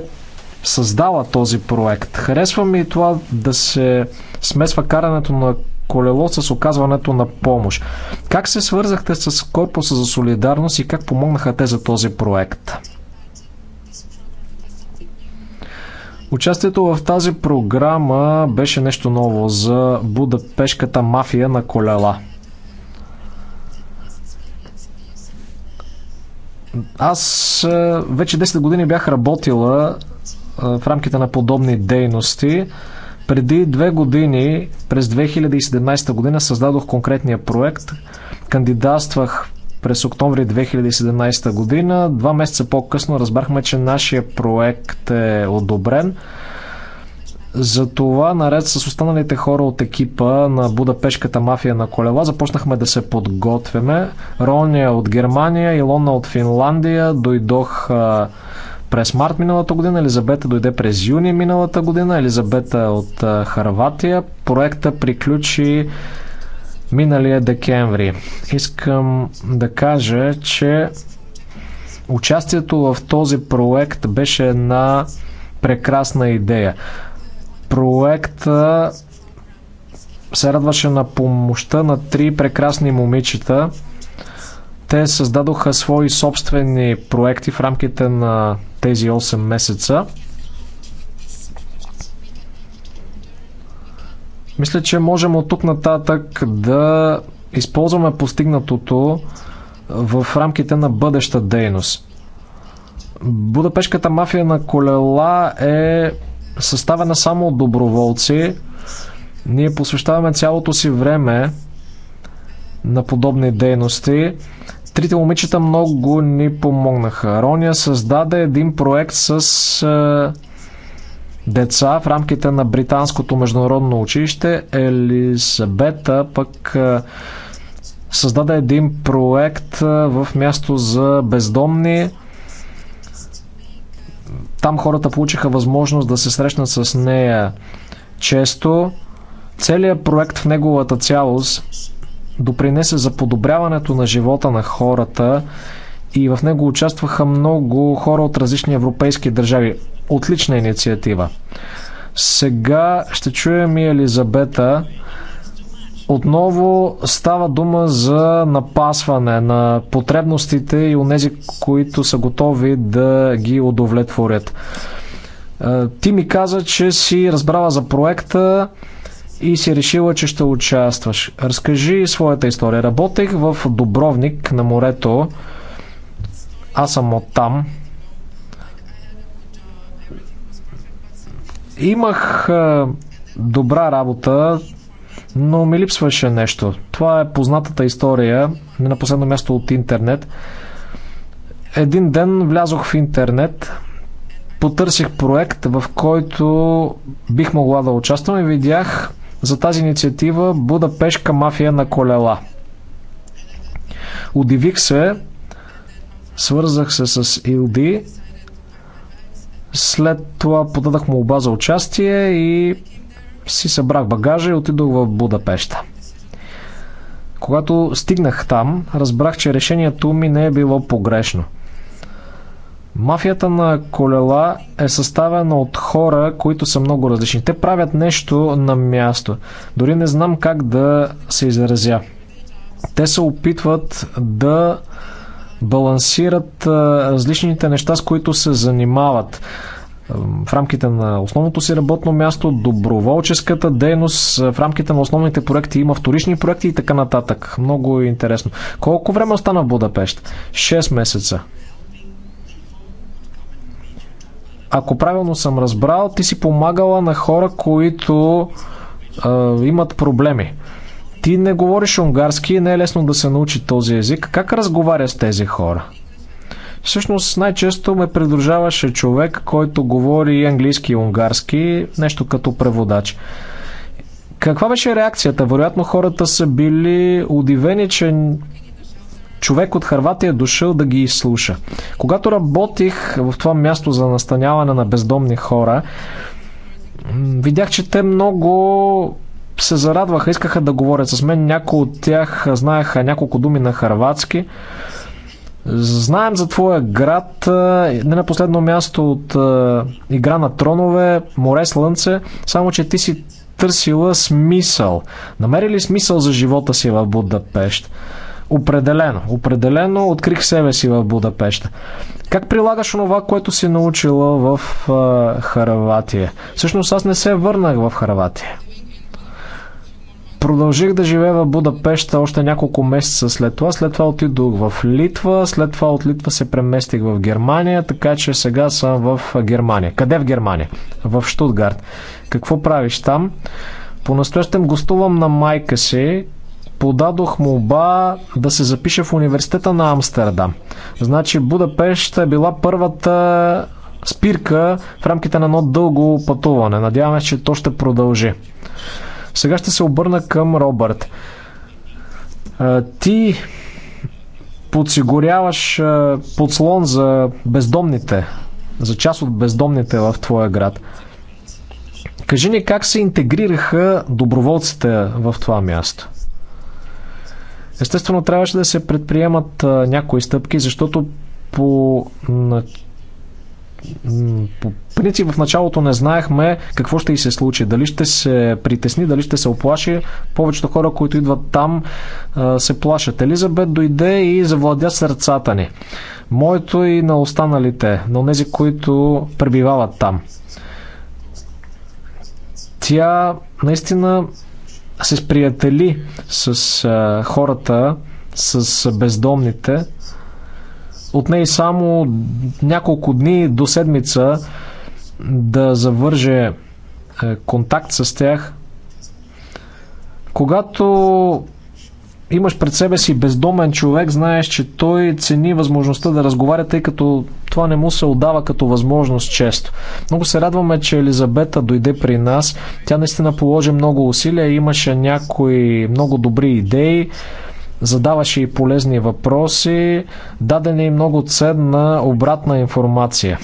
създала този проект. Харесва ми това да се смесва карането на колело с оказването на помощ. Как се свързахте с Корпуса за солидарност и как помогнаха те за този проект? Участието в тази програма беше нещо ново за Будапешката мафия на колела. Аз е, вече 10 години бях работила е, в рамките на подобни дейности. Преди две години, през 2017 година, създадох конкретния проект. Кандидатствах през октомври 2017 година. Два месеца по-късно разбрахме, че нашия проект е одобрен. Затова, наред с останалите хора от екипа на Будапешката мафия на колела, започнахме да се подготвяме. Роня от Германия, Илона от Финландия, дойдох през март миналата година, Елизабета дойде през юни миналата година, Елизабета от Харватия. Проекта приключи миналия декември. Искам да кажа, че участието в този проект беше една прекрасна идея. Проекта се радваше на помощта на три прекрасни момичета – те създадоха свои собствени проекти в рамките на тези 8 месеца. Мисля, че можем от тук нататък да използваме постигнатото в рамките на бъдеща дейност. Будапешката мафия на колела е съставена само от доброволци. Ние посвещаваме цялото си време на подобни дейности. Трите момичета много ни помогнаха. Рония създаде един проект с е, деца в рамките на Британското международно училище. Елисабета пък е, създаде един проект е, в място за бездомни. Там хората получиха възможност да се срещнат с нея често. Целият проект в неговата цялост допринесе за подобряването на живота на хората и в него участваха много хора от различни европейски държави. Отлична инициатива. Сега ще чуем и Елизабета. Отново става дума за напасване на потребностите и онези, които са готови да ги удовлетворят. Е, ти ми каза, че си разбрала за проекта, и си решила, че ще участваш. Разкажи своята история. Работех в Добровник на морето. Аз съм от там. Имах добра работа, но ми липсваше нещо. Това е познатата история, не на последно място от интернет. Един ден влязох в интернет, потърсих проект, в който бих могла да участвам и видях за тази инициатива Будапешка мафия на колела. Удивих се, свързах се с Илди, след това подадах му оба за участие и си събрах багажа и отидох в Будапешта. Когато стигнах там, разбрах, че решението ми не е било погрешно – Мафията на колела е съставена от хора, които са много различни. Те правят нещо на място. Дори не знам как да се изразя. Те се опитват да балансират различните неща, с които се занимават в рамките на основното си работно място, доброволческата дейност, в рамките на основните проекти има вторични проекти и така нататък. Много интересно. Колко време остана в Будапешт? 6 месеца. Ако правилно съм разбрал, ти си помагала на хора, които а, имат проблеми. Ти не говориш унгарски и не е лесно да се научи този език. Как разговаря с тези хора? Всъщност най-често ме придружаваше човек, който говори английски и унгарски, нещо като преводач. Каква беше реакцията? Вероятно хората са били удивени, че човек от Харватия дошъл да ги изслуша. Когато работих в това място за настаняване на бездомни хора, видях, че те много се зарадваха, искаха да говорят с мен. Някои от тях знаеха няколко думи на харватски. Знаем за твоя град, не на последно място от Игра на тронове, Море Слънце, само че ти си търсила смисъл. Намери ли смисъл за живота си в Будапешт? Определено, определено открих себе си в Будапеща. Как прилагаш онова, което си научила в е, Харватия? Всъщност аз не се върнах в Харватия. Продължих да живея в Будапеща още няколко месеца след това. След това отидох в Литва, след това от Литва се преместих в Германия, така че сега съм в Германия. Къде в Германия? В Штутгарт. Какво правиш там? По-настоящем гостувам на майка си, подадох молба да се запиша в университета на Амстердам. Значи Будапешт е била първата спирка в рамките на едно дълго пътуване. Надяваме, че то ще продължи. Сега ще се обърна към Робърт. Е, ти подсигуряваш е, подслон за бездомните, за част от бездомните в твоя град. Кажи ни как се интегрираха доброволците в това място? Естествено, трябваше да се предприемат някои стъпки, защото по, по принцип в началото не знаехме какво ще и се случи. Дали ще се притесни, дали ще се оплаши. Повечето хора, които идват там, се плашат. Елизабет дойде и завладя сърцата ни. Моето и на останалите, на тези, които пребивават там. Тя наистина се сприятели с а, хората, с бездомните. От нея само няколко дни до седмица да завърже контакт с тях. Когато имаш пред себе си бездомен човек, знаеш, че той цени възможността да разговаря, тъй като това не му се отдава като възможност често. Много се радваме, че Елизабета дойде при нас. Тя наистина положи много усилия, имаше някои много добри идеи, задаваше и полезни въпроси, даде и много ценна обратна информация.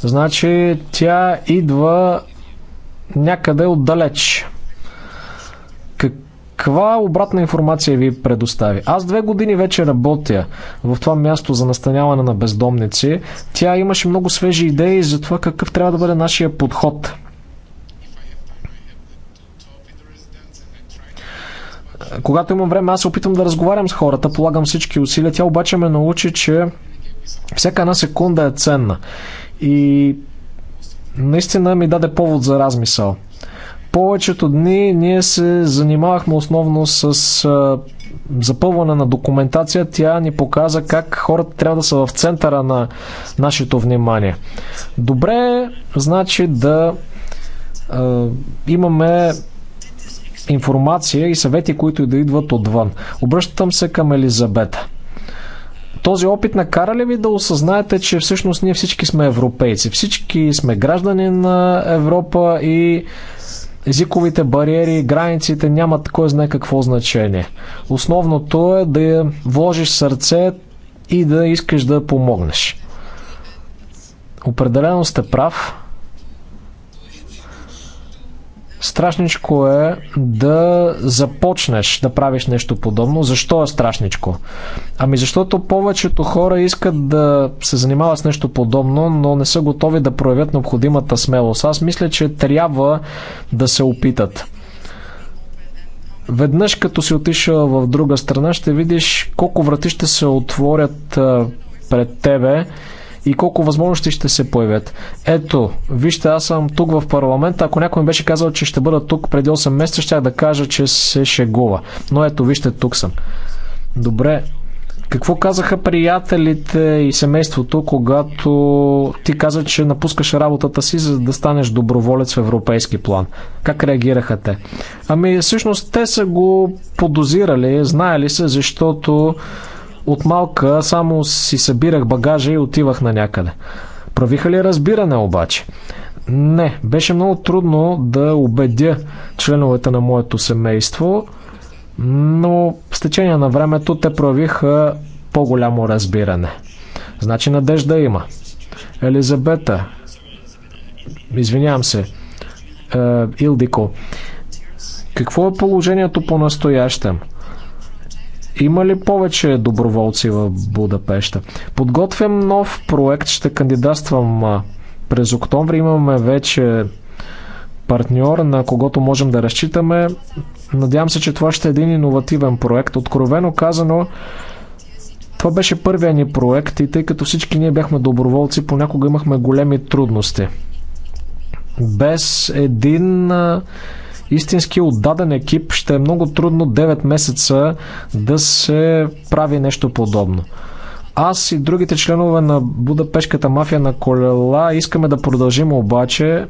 Значи тя идва някъде отдалеч каква обратна информация ви предостави? Аз две години вече работя в това място за настаняване на бездомници. Тя имаше много свежи идеи за това какъв трябва да бъде нашия подход. Когато имам време, аз се опитвам да разговарям с хората, полагам всички усилия. Тя обаче ме научи, че всяка една секунда е ценна. И наистина ми даде повод за размисъл повечето дни ние се занимавахме основно с запълване на документация. Тя ни показа как хората трябва да са в центъра на нашето внимание. Добре, значи да а, имаме информация и съвети, които и да идват отвън. Обръщам се към Елизабета. Този опит накара ли ви да осъзнаете, че всъщност ние всички сме европейци, всички сме граждани на Европа и езиковите бариери и границите нямат кой знае какво значение. Основното е да вложиш сърце и да искаш да помогнеш. Определено сте прав. Страшничко е да започнеш да правиш нещо подобно. Защо е страшничко? Ами защото повечето хора искат да се занимават с нещо подобно, но не са готови да проявят необходимата смелост. Аз мисля, че трябва да се опитат. Веднъж като си отишъл в друга страна, ще видиш колко врати ще се отворят пред тебе и колко възможности ще се появят. Ето, вижте, аз съм тук в парламента. Ако някой ми беше казал, че ще бъда тук преди 8 месеца, ще да кажа, че се шегува. Но ето, вижте, тук съм. Добре. Какво казаха приятелите и семейството, когато ти каза, че напускаш работата си, за да станеш доброволец в европейски план? Как реагираха те? Ами, всъщност, те са го подозирали, знаели са, защото от малка само си събирах багажа и отивах на някъде. Правиха ли разбиране обаче? Не, беше много трудно да убедя членовете на моето семейство, но с течение на времето те правиха по-голямо разбиране. Значи надежда има. Елизабета, извинявам се, е, Илдико, какво е положението по настоящем? Има ли повече доброволци в Будапеща? Подготвям нов проект, ще кандидатствам през октомври. Имаме вече партньор, на когото можем да разчитаме. Надявам се, че това ще е един иновативен проект. Откровено казано, това беше първия ни проект и тъй като всички ние бяхме доброволци, понякога имахме големи трудности. Без един истински отдаден екип ще е много трудно 9 месеца да се прави нещо подобно. Аз и другите членове на Будапешката мафия на колела искаме да продължим обаче.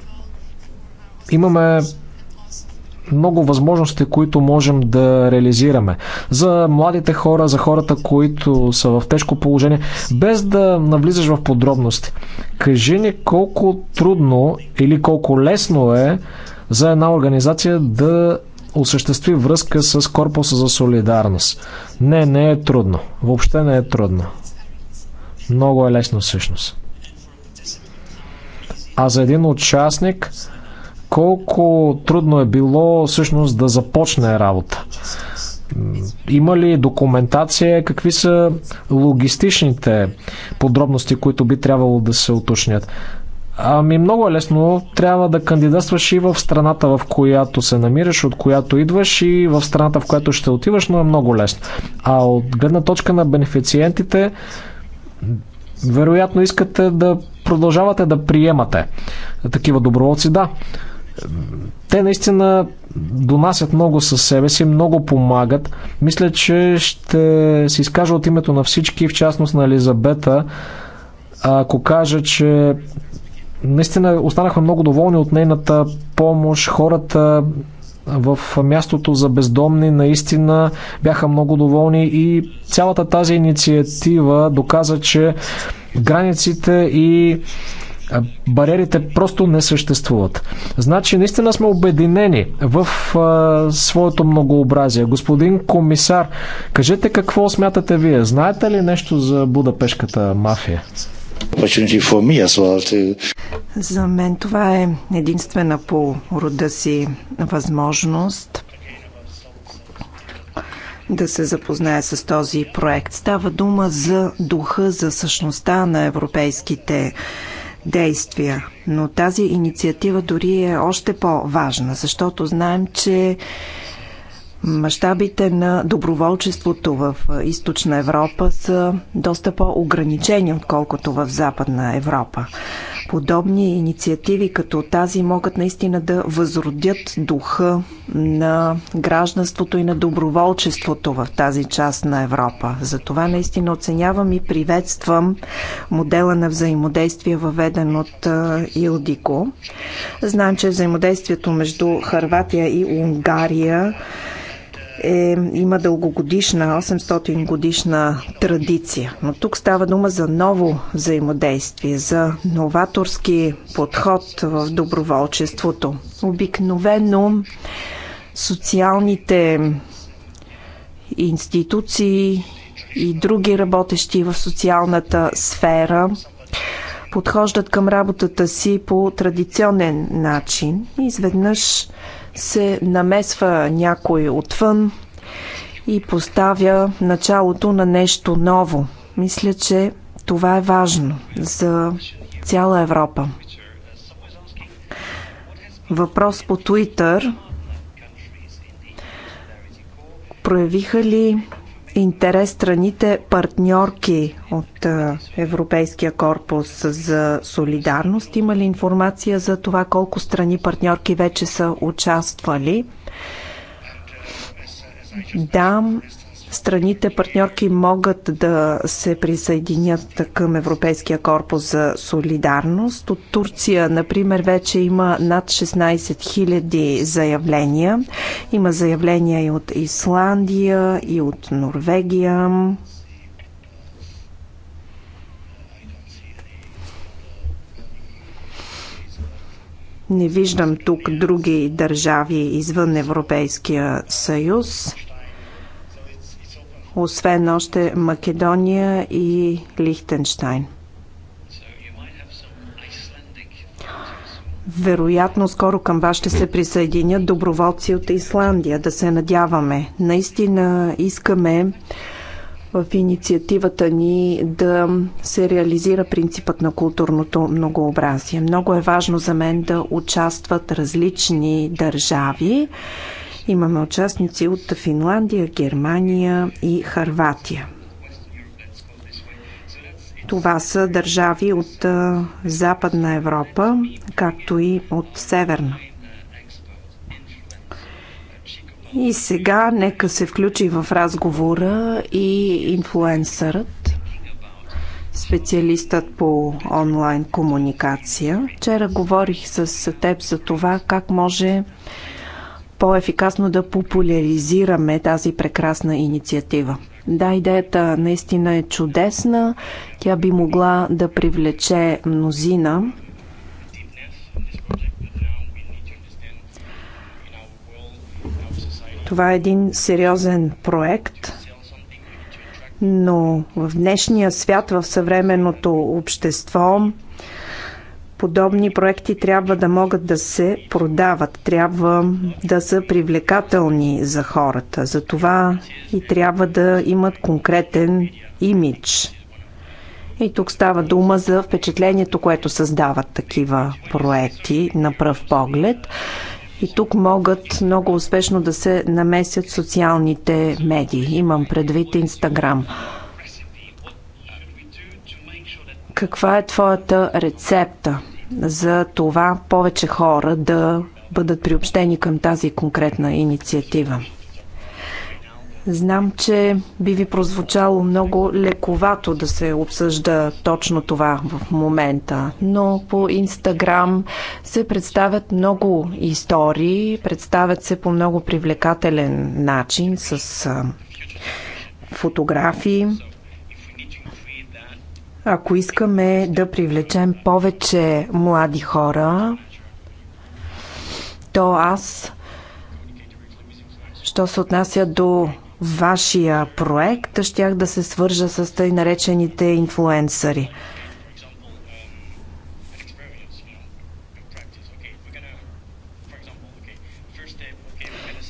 Имаме много възможности, които можем да реализираме. За младите хора, за хората, които са в тежко положение, без да навлизаш в подробности. Кажи ни колко трудно или колко лесно е за една организация да осъществи връзка с Корпуса за солидарност. Не, не е трудно. Въобще не е трудно. Много е лесно всъщност. А за един участник, колко трудно е било всъщност да започне работа? Има ли документация? Какви са логистичните подробности, които би трябвало да се уточнят? Ами много е лесно. Трябва да кандидатстваш и в страната, в която се намираш, от която идваш и в страната, в която ще отиваш, но е много лесно. А от гледна точка на бенефициентите, вероятно искате да продължавате да приемате такива доброволци. Да, те наистина донасят много със себе си, много помагат. Мисля, че ще се изкажа от името на всички, в частност на Елизабета, ако кажа, че Наистина останахме много доволни от нейната помощ. Хората в мястото за бездомни наистина бяха много доволни и цялата тази инициатива доказа, че границите и бариерите просто не съществуват. Значи, наистина сме обединени в а, своето многообразие. Господин комисар, кажете какво смятате вие? Знаете ли нещо за Будапешката мафия? За мен това е единствена по рода си възможност да се запознае с този проект. Става дума за духа, за същността на европейските действия. Но тази инициатива дори е още по-важна, защото знаем, че Мащабите на доброволчеството в източна Европа са доста по-ограничени, отколкото в западна Европа. Подобни инициативи като тази могат наистина да възродят духа на гражданството и на доброволчеството в тази част на Европа. Затова наистина оценявам и приветствам модела на взаимодействие, въведен от Илдико. Знам, че взаимодействието между Харватия и Унгария е, има дългогодишна, 800 годишна традиция. Но тук става дума за ново взаимодействие, за новаторски подход в доброволчеството. Обикновено социалните институции и други работещи в социалната сфера подхождат към работата си по традиционен начин. Изведнъж се намесва някой отвън и поставя началото на нещо ново. Мисля, че това е важно за цяла Европа. Въпрос по Туитър: Проявиха ли интерес страните партньорки от е, Европейския корпус за солидарност? Има ли информация за това колко страни партньорки вече са участвали? Да, страните партньорки могат да се присъединят към Европейския корпус за солидарност. От Турция, например, вече има над 16 000 заявления. Има заявления и от Исландия, и от Норвегия. Не виждам тук други държави извън Европейския съюз освен още Македония и Лихтенштайн. Вероятно, скоро към вас ще се присъединят доброволци от Исландия, да се надяваме. Наистина искаме в инициативата ни да се реализира принципът на културното многообразие. Много е важно за мен да участват различни държави Имаме участници от Финландия, Германия и Харватия. Това са държави от Западна Европа, както и от Северна. И сега нека се включи в разговора и инфлуенсърът, специалистът по онлайн комуникация. Вчера говорих с теб за това как може по-ефикасно да популяризираме тази прекрасна инициатива. Да, идеята наистина е чудесна. Тя би могла да привлече мнозина. Това е един сериозен проект, но в днешния свят, в съвременното общество, подобни проекти трябва да могат да се продават, трябва да са привлекателни за хората. Затова и трябва да имат конкретен имидж. И тук става дума за впечатлението, което създават такива проекти на пръв поглед. И тук могат много успешно да се намесят социалните медии. Имам предвид Инстаграм. Instagram каква е твоята рецепта за това повече хора да бъдат приобщени към тази конкретна инициатива? Знам, че би ви прозвучало много лековато да се обсъжда точно това в момента, но по Инстаграм се представят много истории, представят се по много привлекателен начин с фотографии. Ако искаме да привлечем повече млади хора, то аз, що се отнася до вашия проект, щях да се свържа с тъй наречените инфлуенсъри.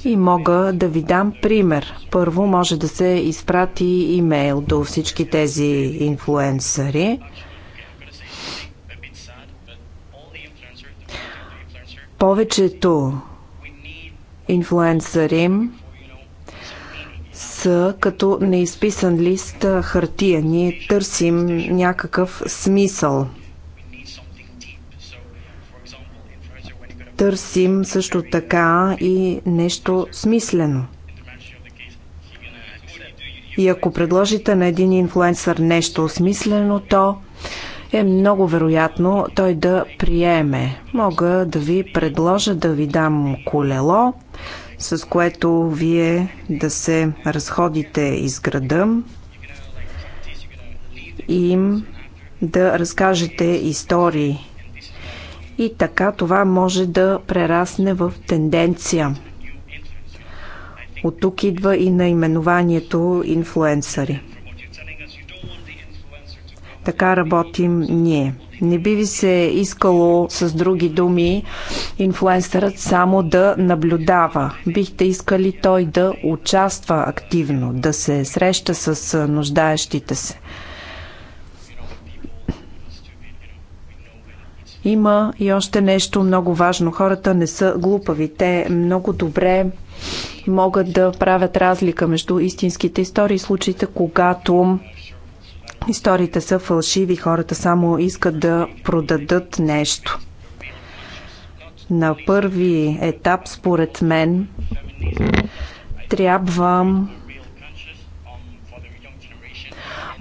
И мога да ви дам пример. Първо може да се изпрати имейл до всички тези инфлуенсъри. Повечето инфлуенсъри са като неизписан лист хартия. Ние търсим някакъв смисъл – търсим също така и нещо смислено. И ако предложите на един инфлуенсър нещо осмислено, то е много вероятно той да приеме. Мога да ви предложа да ви дам колело, с което вие да се разходите из града и да разкажете истории и така това може да прерасне в тенденция. От тук идва и наименованието инфлуенсъри. Така работим ние. Не би ви се искало, с други думи, инфлуенсърът само да наблюдава. Бихте искали той да участва активно, да се среща с нуждаещите се. Има и още нещо много важно. Хората не са глупави. Те много добре могат да правят разлика между истинските истории и случаите, когато историите са фалшиви. Хората само искат да продадат нещо. На първи етап, според мен, трябва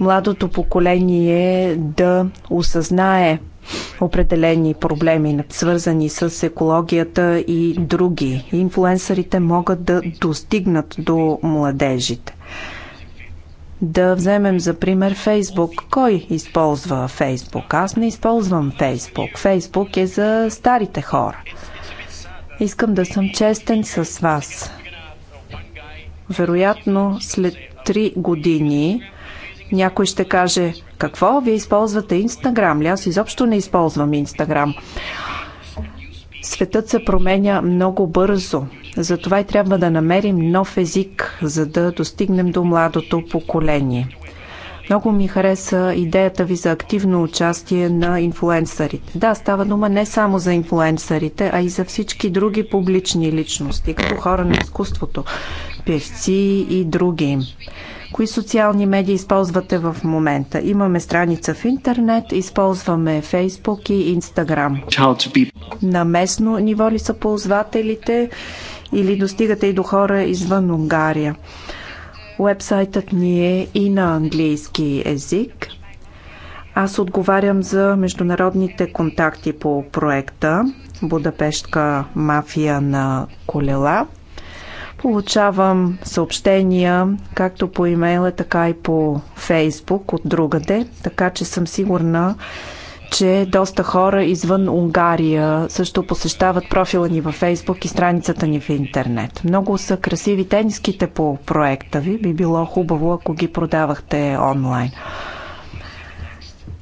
младото поколение да осъзнае определени проблеми, свързани с екологията и други. Инфлуенсърите могат да достигнат до младежите. Да вземем за пример Фейсбук. Кой използва Фейсбук? Аз не използвам Фейсбук. Фейсбук е за старите хора. Искам да съм честен с вас. Вероятно след 3 години някой ще каже, какво? Вие използвате Инстаграм ли? Аз изобщо не използвам Инстаграм. Светът се променя много бързо. Затова и трябва да намерим нов език, за да достигнем до младото поколение. Много ми хареса идеята ви за активно участие на инфлуенсърите. Да, става дума не само за инфлуенсърите, а и за всички други публични личности, като хора на изкуството, певци и други. Кои социални медии използвате в момента? Имаме страница в интернет, използваме Фейсбук и Instagram. На местно ниво ли са ползвателите или достигате и до хора извън Унгария? Уебсайтът ни е и на английски език. Аз отговарям за международните контакти по проекта Будапештка мафия на колела. Получавам съобщения както по имейла, така и по Фейсбук от другаде, така че съм сигурна, че доста хора извън Унгария също посещават профила ни във Фейсбук и страницата ни в интернет. Много са красиви тениските по проекта ви. Би било хубаво, ако ги продавахте онлайн.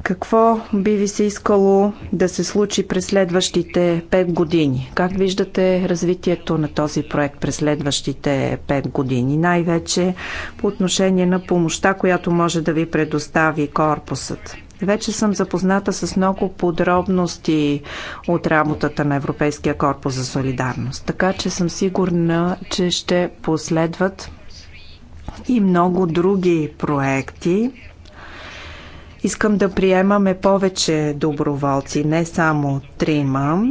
Какво би ви се искало да се случи през следващите 5 години? Как виждате развитието на този проект през следващите 5 години? Най-вече по отношение на помощта, която може да ви предостави корпусът. Вече съм запозната с много подробности от работата на Европейския корпус за солидарност, така че съм сигурна, че ще последват и много други проекти. Искам да приемаме повече доброволци, не само трима.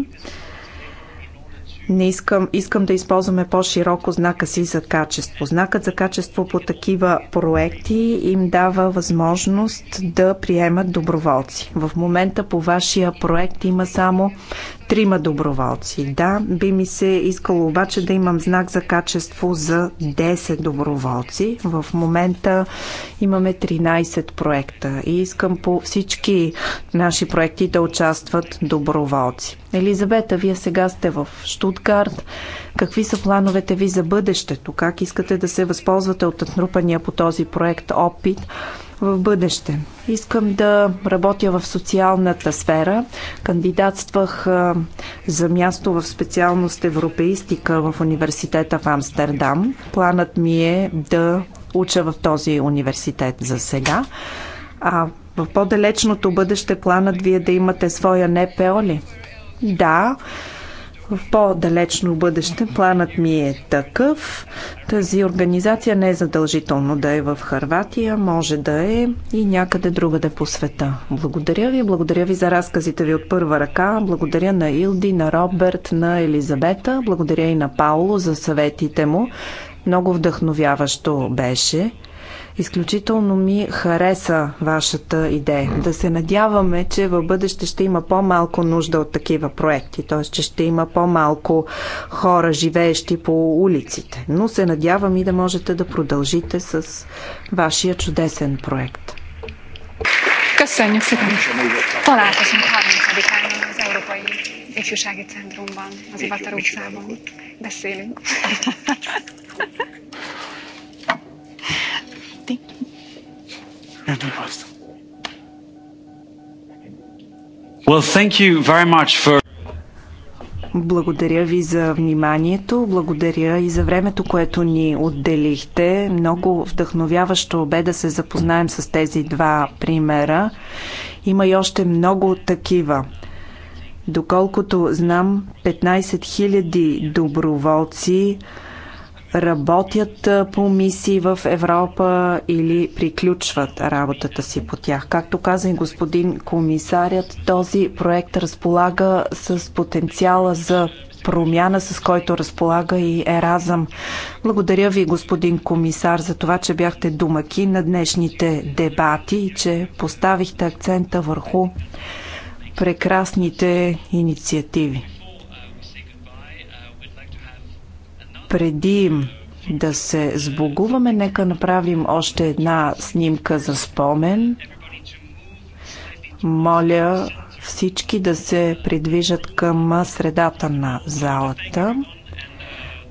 Не искам, искам да използваме по-широко знака си за качество. Знакът за качество по такива проекти им дава възможност да приемат доброволци. В момента по вашия проект има само трима доброволци. Да, би ми се искало обаче да имам знак за качество за 10 доброволци. В момента имаме 13 проекта и искам по всички наши проекти да участват доброволци. Елизабета, вие сега сте в Штутгарт. Какви са плановете ви за бъдещето? Как искате да се възползвате от натрупания по този проект опит? в бъдеще. Искам да работя в социалната сфера. Кандидатствах за място в специалност европеистика в университета в Амстердам. Планът ми е да уча в този университет за сега. А в по-далечното бъдеще планът ви е да имате своя НПО ли? Да, в по-далечно бъдеще планът ми е такъв. Тази организация не е задължително да е в Харватия, може да е и някъде другаде по света. Благодаря ви, благодаря ви за разказите ви от първа ръка, благодаря на Илди, на Роберт, на Елизабета, благодаря и на Пауло за съветите му. Много вдъхновяващо беше. Изключително ми хареса вашата идея. Да се надяваме, че в бъдеще ще има по-малко нужда от такива проекти, т.е. че ще има по-малко хора, живеещи по улиците. Но се надявам и да можете да продължите с вашия чудесен проект. Köszönjük се. Ifjúsági Centrumban, az Ivatar utcában. Beszélünk. and Well, thank you very much for... Благодаря ви за вниманието, благодаря и за времето, което ни отделихте. Много вдъхновяващо бе да се запознаем с тези два примера. Има и още много такива. Доколкото знам, 15 000 доброволци работят по мисии в Европа или приключват работата си по тях. Както каза и господин комисарят, този проект разполага с потенциала за промяна, с който разполага и Еразъм. Благодаря ви, господин комисар, за това, че бяхте думаки на днешните дебати и че поставихте акцента върху прекрасните инициативи. преди да се сбогуваме, нека направим още една снимка за спомен. Моля всички да се придвижат към средата на залата.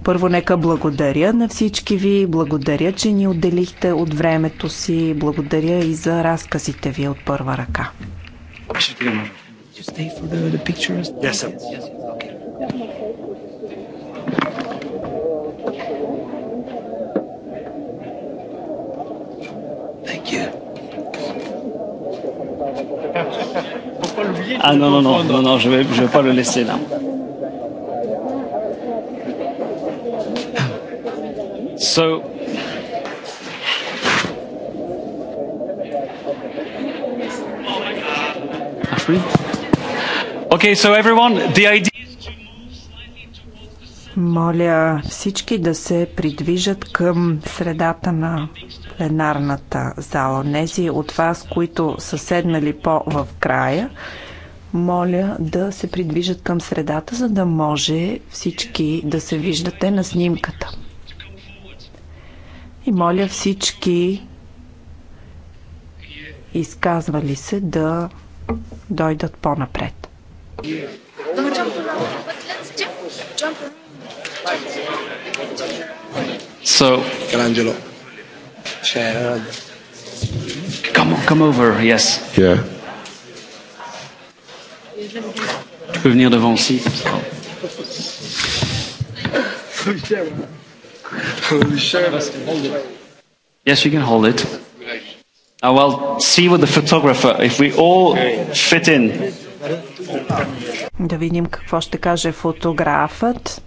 Първо нека благодаря на всички ви, благодаря, че ни отделихте от времето си, благодаря и за разказите ви от първа ръка. Yes, sir. Yes, Okay. Thank you. Ah non, non, non, non, non, je vais, je vais pas le laisser là. So, Okay, so everyone, the idea моля всички да се придвижат към средата на пленарната зала. Нези от вас, които са седнали по в края, моля да се придвижат към средата, за да може всички да се виждате на снимката. И моля всички изказвали се да дойдат по-напред. So, Angelo. Come, on, come over, yes. Yeah. Tu peux venir devant aussi. Yes, you can hold it. Now, well, see with the photographer if we all fit in. Да видим какво ще каже фотографът.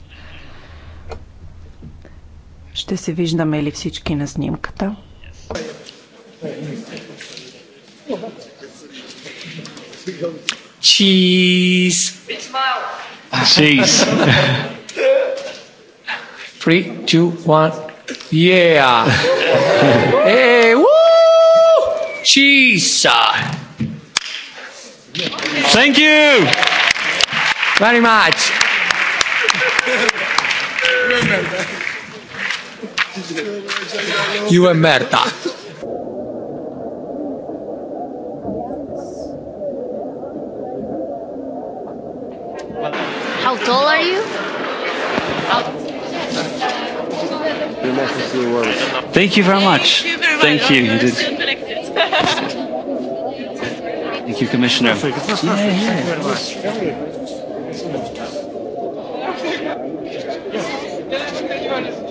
Ще се виждаме ли всички на снимката? Cheese. Cheese. Three, two, one. Yeah. hey, woo! Cheese. Thank you very much. Remember. You è merda. How tall are you? Thank you very much. Thank you. You did. Thank you, Commissioner. Yeah, yeah.